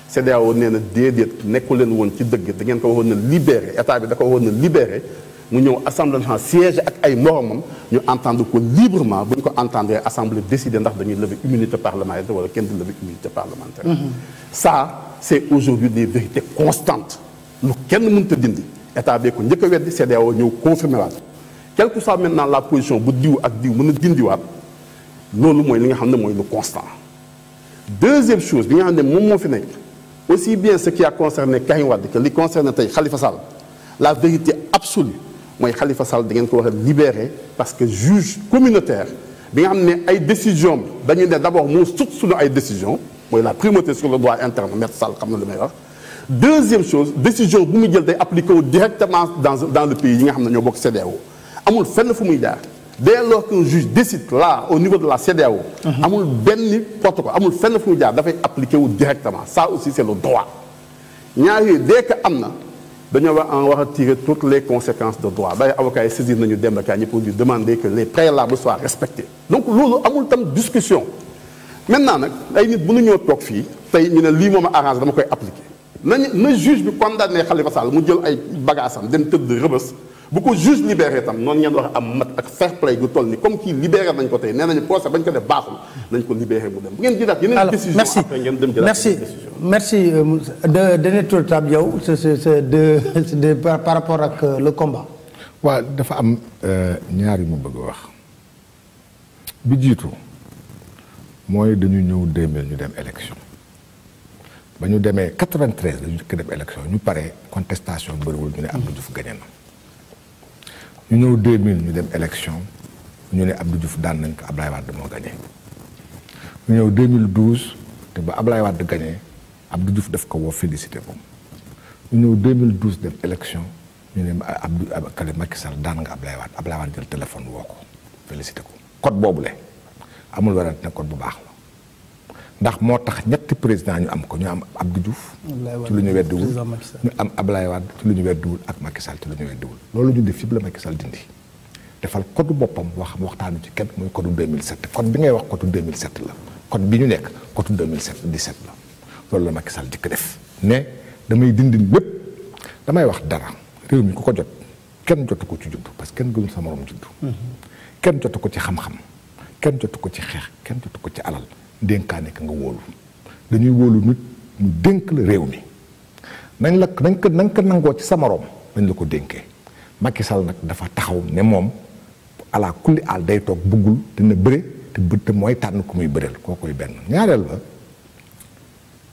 CEDEAO nee na déedéet nekku leen woon ci dëgg da ngeen ko waroon a libérer état bi da ko waroon a libérer. mu ñëw assemblée nationale siège ak ay moromam ñu entendre ko librement bu ñu ko entendre assemblée décider ndax dañuy lever immunité parlementaire wala kenn du lever immunité parlementaire. Mm-hmm. ça c'est aujourd'hui des vérités constantes lu kenn mënut a dindi état bee ko njëkk a weddi CEDEAO ñëw confirmer waat quelle que soit la position bu diw ak diw mën a dindiwaat loolu mooy li nga xam ne mooy lu constant. deuxième chose bi nga xam ne moom moo fi nekk aussi bien ce qui a concerné Karim Wade que li concerné tey Khalifa Sall la vérité absolue. mooy xalifa Sall da ngeen ko war a libérer parce que juge communautaire bi nga xam ne ay décision dañu ne d' abord moo sut suñu ay décision mooy la primauté sur le droit interne maître Sall xam na lu may wax deuxième décision bu mu jël day appliqué wu directement dans dans le pays yi nga xam ne ñoo bokk CEDEAO amul fenn fu muy jaar dès lors qu'un juge décide là au niveau de la CEDEAO mhm. amul benn protocole amul fenn fu muy jaar dafay appliqué wu directement ça aussi c' est droit ñaar yooyu dès que am na dañoo wax en war a tirer toutes les conséquences de droit bari avocats yi saisir nañu Demba Ka ñi pour lui demander que les préalables soient respectés donc loolu amul tam discussion maintenant nag ay nit bu mënuñoo toog fii tey ñu ne lii moom a arrangé dama koy appliquer nañu na juge bi condamné Khalifa Sall mu jël ay bagaasam dem tëdd rëbës bu ko juge libéré tam noonu ngeen wax am mat ak fair play gu toll ni comme kii libéré nañ ko tey nee nañu procès bañ ko def baaxul nañ ko libéré mu dem bu ngeen jëlaat yeneen décision après ngeen dem jëlaat merci merci euh, de dernier tour de table yow par rapport ak euh, le combat waa dafa am euh, ñaar yu ma bëgg wax bi jiitu mooy dañu ñëw 2000 ñu dem élection ba ñu demee 93 dañu njëkk dem élection ñu pare contestation bëriwul ñu ne Abdou Diouf gagné na ñu ñëw 2000 ñu dem élection ñu ne Abdou Diouf daan nañ ko Ablaye Wade moo gagné ñu ñëw 2012 te ba Ablaye Wade gagné Abdou Diouf daf ko woo félicité moom ñu ñëw 2012 dem élection ñu ne Abdou Kale Macky Sall daan nga Ablaye Wade Ablaye Wade jël téléphone woo ko félicité ko code boobu le amul warante ne bu baax ndax moo tax ñetti président ñu am ko ñu am Abdou Diouf ci lu ñu weddiwul ñu am Ablaye Wade ci lu ñu weddiwul ak Macky Sall ci lu ñu weddiwul loolu ñu def yëpp la Macky Sall dindi defal code boppam wax waxtaanu ci kenn muy code 2007 code bi ngay wax code 2007 la code bi ñu nekk code 2017 la loolu la Macky Sall jëkk def ne damay dindi lépp damay wax dara réew mi ku ko jot kenn jotu ko ci judd parce que kenn gënul sa morom judd mhm. kenn jotu ko ci xam-xam kenn jotu ko ci xeex kenn jotu ko ci alal dénkaane ka nga wóolu dañuy wóolu nit ñu dénk la réew mi nañ la nañ ko nañ ko nangoo ci sa morom nañ la ko dénkee Macky Sall nag dafa taxaw ne moom ala kulli aal day toog buggul dina bëre te mooy tànn ku muy bëreel koo koy benn ñaareel ba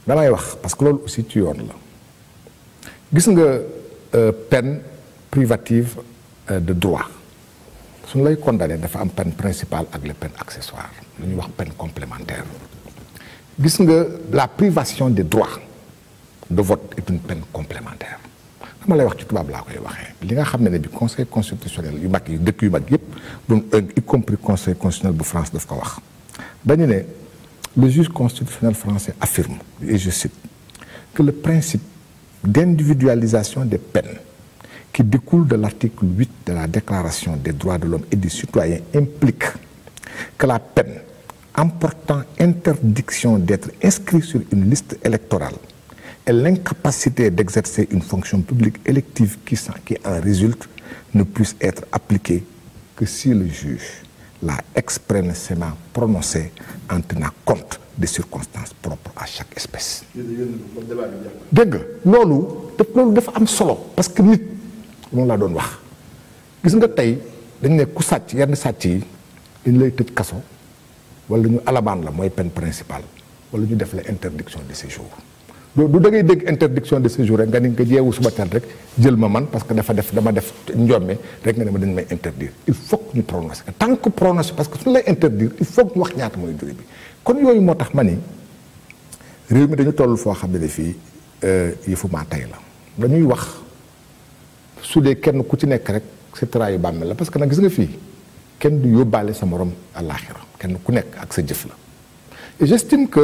damay wax parce que loolu aussi ci yoon la gis nga euh, peine privative euh, de droit suñu lay condamné dafa am pen principal ak les peines accessoires lu ñuy wax peine complémentaire gis nga la privation des droits de vote est une peine complémentaire dama lay wax ci tubaab laa koy waxee li nga xam ne ne bi conseil constitutionnel yu mag yi dëkk yu mag yëpp bu y compris conseil constitutionnel bu France daf ko wax dañu ne le juge constitutionnel français affirme et je cite que le principe d'individualisation des peines qui découle de l'article 8 de la déclaration des droits de l'homme et du citoyen implique que la peine emportant interdiction d'être inscrit sur une liste électorale et l'incapacité d'exercer une fonction publique élective qui, qui en résulte ne puisse être appliquée que si le juge l'a expressément prononcée en tenant compte des circonstances propres à chaque espèce. dégg nga loolu daf am solo parce que nit moom laa doon wax nga tey dañ ne ku sàcc yenn sàcc yi. dañ lay tëj kaso wala ñu alabaan la mooy pen principale wala ñu def la interdiction de séjour du da ngay dégg interdiction de séjour rek nga ni nga jeewu suba teel rek jël ma man parce que dafa def dama def njomme rek nga ne ma dañ may interdire il faut que ñu prononcé tant que prononcé parce que suñu lay interdire il faut que ñu wax ñaata mooy durée bi kon yooyu moo tax ma ni réew mi dañu toll foo xam ne fii euh, yëfu maa tey la dañuy wax su dee kenn ku ci nekk rek c'est trahi bàmmeel la parce que nag gis nga fii kenn du yóbbaale sa morom àllaaxira kenn ku nekk ak sa jëf la et que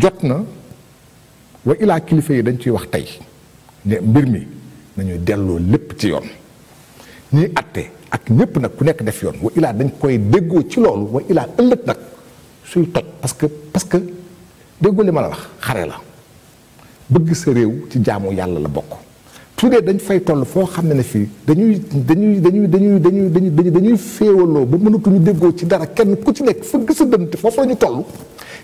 jot na wa ilaa kilifa yi dañ ciy wax tey ne mbir mi nañu delloo lépp ci yoon ñiy atte ak ñépp nag ku nekk def yoon wa ilaa dañ koy déggoo ci loolu wa ilaa ëllëg nag suy toj parce que parce que déggoo li ma la wax xare la bëgg sa réew ci jaamu yàlla la bokk su dee dañ fay toll foo xam ne ne fii dañuy dañuy dañuy dañuy dañuy dañuy dañuy féewaloo ba mënatuñu déggoo ci dara kenn ku ci nekk fëgg sa dënt foofu la ñu toll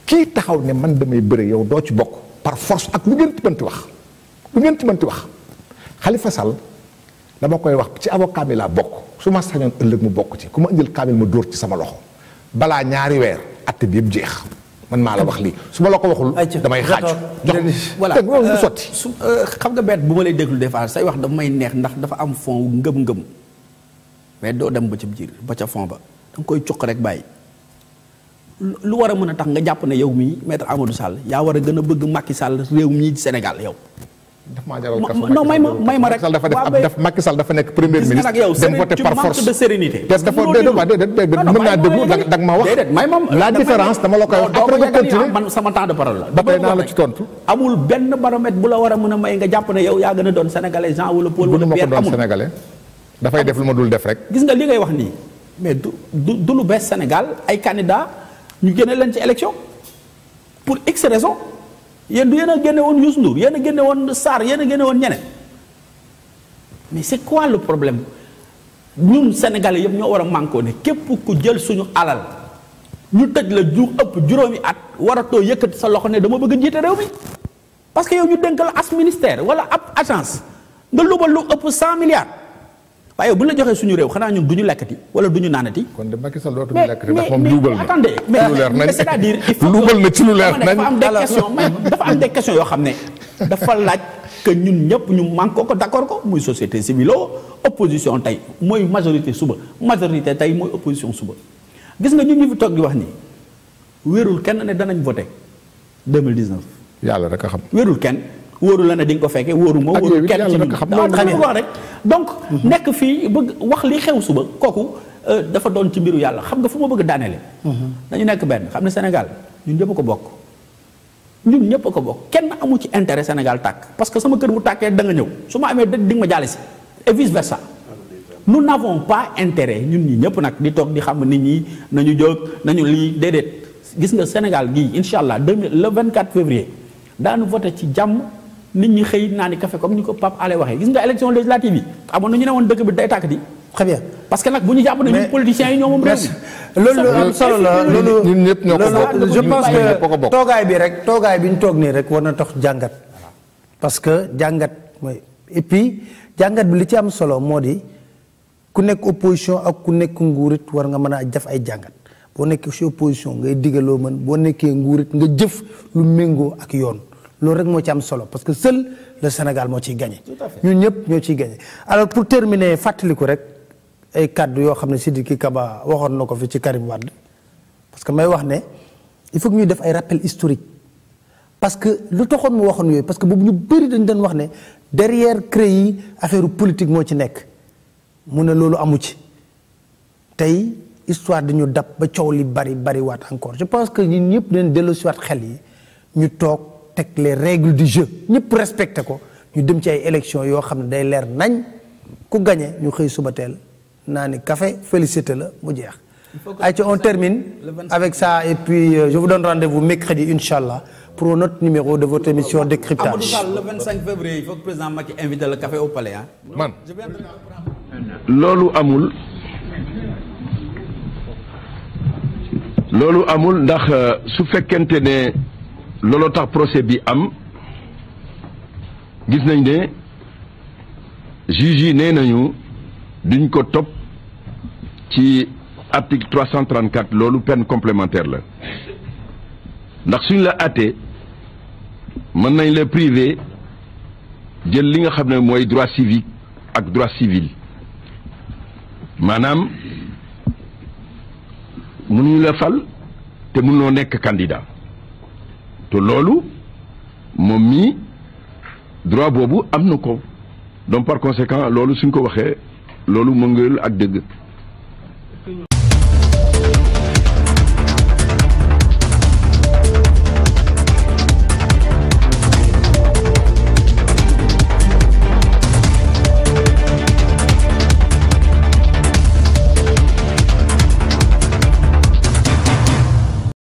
kii taxaw ne man damay bëre yow doo ci bokk par force ak lu ngeen ci wax lu ngeen ci mënti wax Khalifa Sall dama koy wax ci avocat mi laa bokk su ma sañoon ëllëg mu bokk ci ku ma indil kaamil ma dóor ci sama loxo balaa ñaari weer atte bi yëpp jeex man maa la wax lii su ma la ko waxul. damay xaaju jox voilà loolu du euh, sotti. su euh, xam nga bett bu ma lay déglu des fois say wax dafa may neex ndax dafa am fond ngëm-ngëm mais doo dem ba ca biir ba ca fond ba da koy cuq rek bàyyi. lu war a mën a tax nga jàpp ne yow mii maître Amadou Sall yaa war a gën a bëgg Macky Sall réew mii Sénégal yow. daf maa jaral kaso non may ma may ma rek dafa def Macky Sall dafa nekk premier ministre. dem voté par force de sérénité. parce que dafa déedéet waaw déedéet mën naa déglu da ma wax. may ma la différence dama la koy wax. après nga continué man sama temps de parole la. ba tey naa la ci tontu. amul benn baromètre bu la war a mën a may nga jàpp ne yow yaa gën a doon sénégalais Jean wala Paul wala Pierre amul. dafay def lu ma dul def rek. gis nga li ngay wax nii mais du du lu bees Sénégal ay candidats ñu génne leen ci élection pour x raison yéen du yéen a génne woon Youssou Ndour yéen a génne woon Sarr yéen a génne woon ñeneen mais c'est quoi le problème ñun sénégalais yëpp ñoo war a mànkoo ne képp ku jël suñu alal ñu tëj la ju ëpp juróomi at waratoo yëkkati sa loxo ne dama bëgg a jiite réew mi parce que yow ñu dénk la as ministère wala ab agence nga lubal lu ëpp 100 milliards. waaye bu ñu la joxee suñu réew xanaa ñun du ñu lekkati wala duñu ñu naanati. kon de Macky Sall dootuñu lekkati ndax mais leer nañ dafa am des questions dafa am des yoo xam ne dafa laaj que ñun ñëpp ñu man ko ko d'accord ko muy société civile opposition tey mooy majorité suba majorité tey mooy opposition suba gis nga ñun ñu fi toog di wax nii wéerul kenn ne danañ voté 2019. yàlla rek a xam wérul kenn. wóoru la ne di nga ko fekkee wóoru ma wóoru kenn ci ñun ah, donc hmm. nekk fii bëgg wax li xew suba kooku euh, dafa doon ci mbiru yàlla xam nga fu ma bëgg daaneele hmm. dañu nekk benn xam ne Sénégal ñun ñëpp ko bokk ñun ñëpp ko bokk kenn amu ci intérêt Sénégal tàkk parce que sama kër bu tàkkee da nga ñëw su ma amee dëj di nga ma jaale si et vice versa nous n'avons pas intérêt ñun ñi ñëpp nag di toog di xam nit ñi na ñu jóg nañu lii déedéet gis nga Sénégal gii incha allah le 24 février daanu voté ci jàmm nit ñi xëy naa ni café comme ni ko Pape Alé waxee gis nga élection législative yi amoon na ñu ne woon dëkk bi day tàkk di. très parce que nag bu ñu jàpp ne ñun politiciens solo la loolu ñun ñëpp ñoo ko bokk je pense toogaay bi rek toogaay bi toog nii rek war na tox jàngat. parce que jàngat mooy et puis jàngat bi li ci am solo moo di ku nekk opposition ak ku nekk nguurit war nga mën a def ay jàngat boo nekkee ci opposition ngay digaloo mën boo nekkee nguurit nga jëf lu méngoo ak yoon. loolu rek moo ci am solo parce que seul le Sénégal moo ciy gagné. ñun ñëpp ñoo ciy gagné. alors pour terminer fàttaliku rek ay kàddu yoo xam ne Sidiki Kaba waxoon na ko fi ci Karim Wade parce que may wax ne il faut que ñuy def ay rappel historique parce que lu toxoon mu waxoon yooyu parce que boobu ñu bëri dañ doon wax ne derrière CREI yi affaire politique moo ci nekk mu ne loolu amu ci tey histoire dañu dab ba coow li bari bari waat encore je pense que ñun ñëpp dañ dellu si xel yi ñu toog. teg les règles du jeu ñëpp respecté ko ñu dem ci ay élections yoo xam ne day leer nañ ku gagné ñu xëy suba teel naa ni café félicité la mu jeex. ay ci on termine avec ça et puis euh, je vous donne rendez-vous mercredi incha allah pour notre numéro de votre émission décryptage. Amadou Sall le 25 loolu amul. loolu amul ndax euh, su fekkente ne. looloo tax procès bi am gis nañ ne juge yi nee nañu duñ ko topp ci article 334 loolu peine complémentaire la ndax suñ la àttee mën nañ la privé jël li nga xam ne mooy droit civique ak droit civil maanaam mënuñu la fal te mun mënoo nekk candidat te loolu moom mii droit boobu am na ko donc par conséquent loolu suñ ko waxee loolu mëngël ak dëgg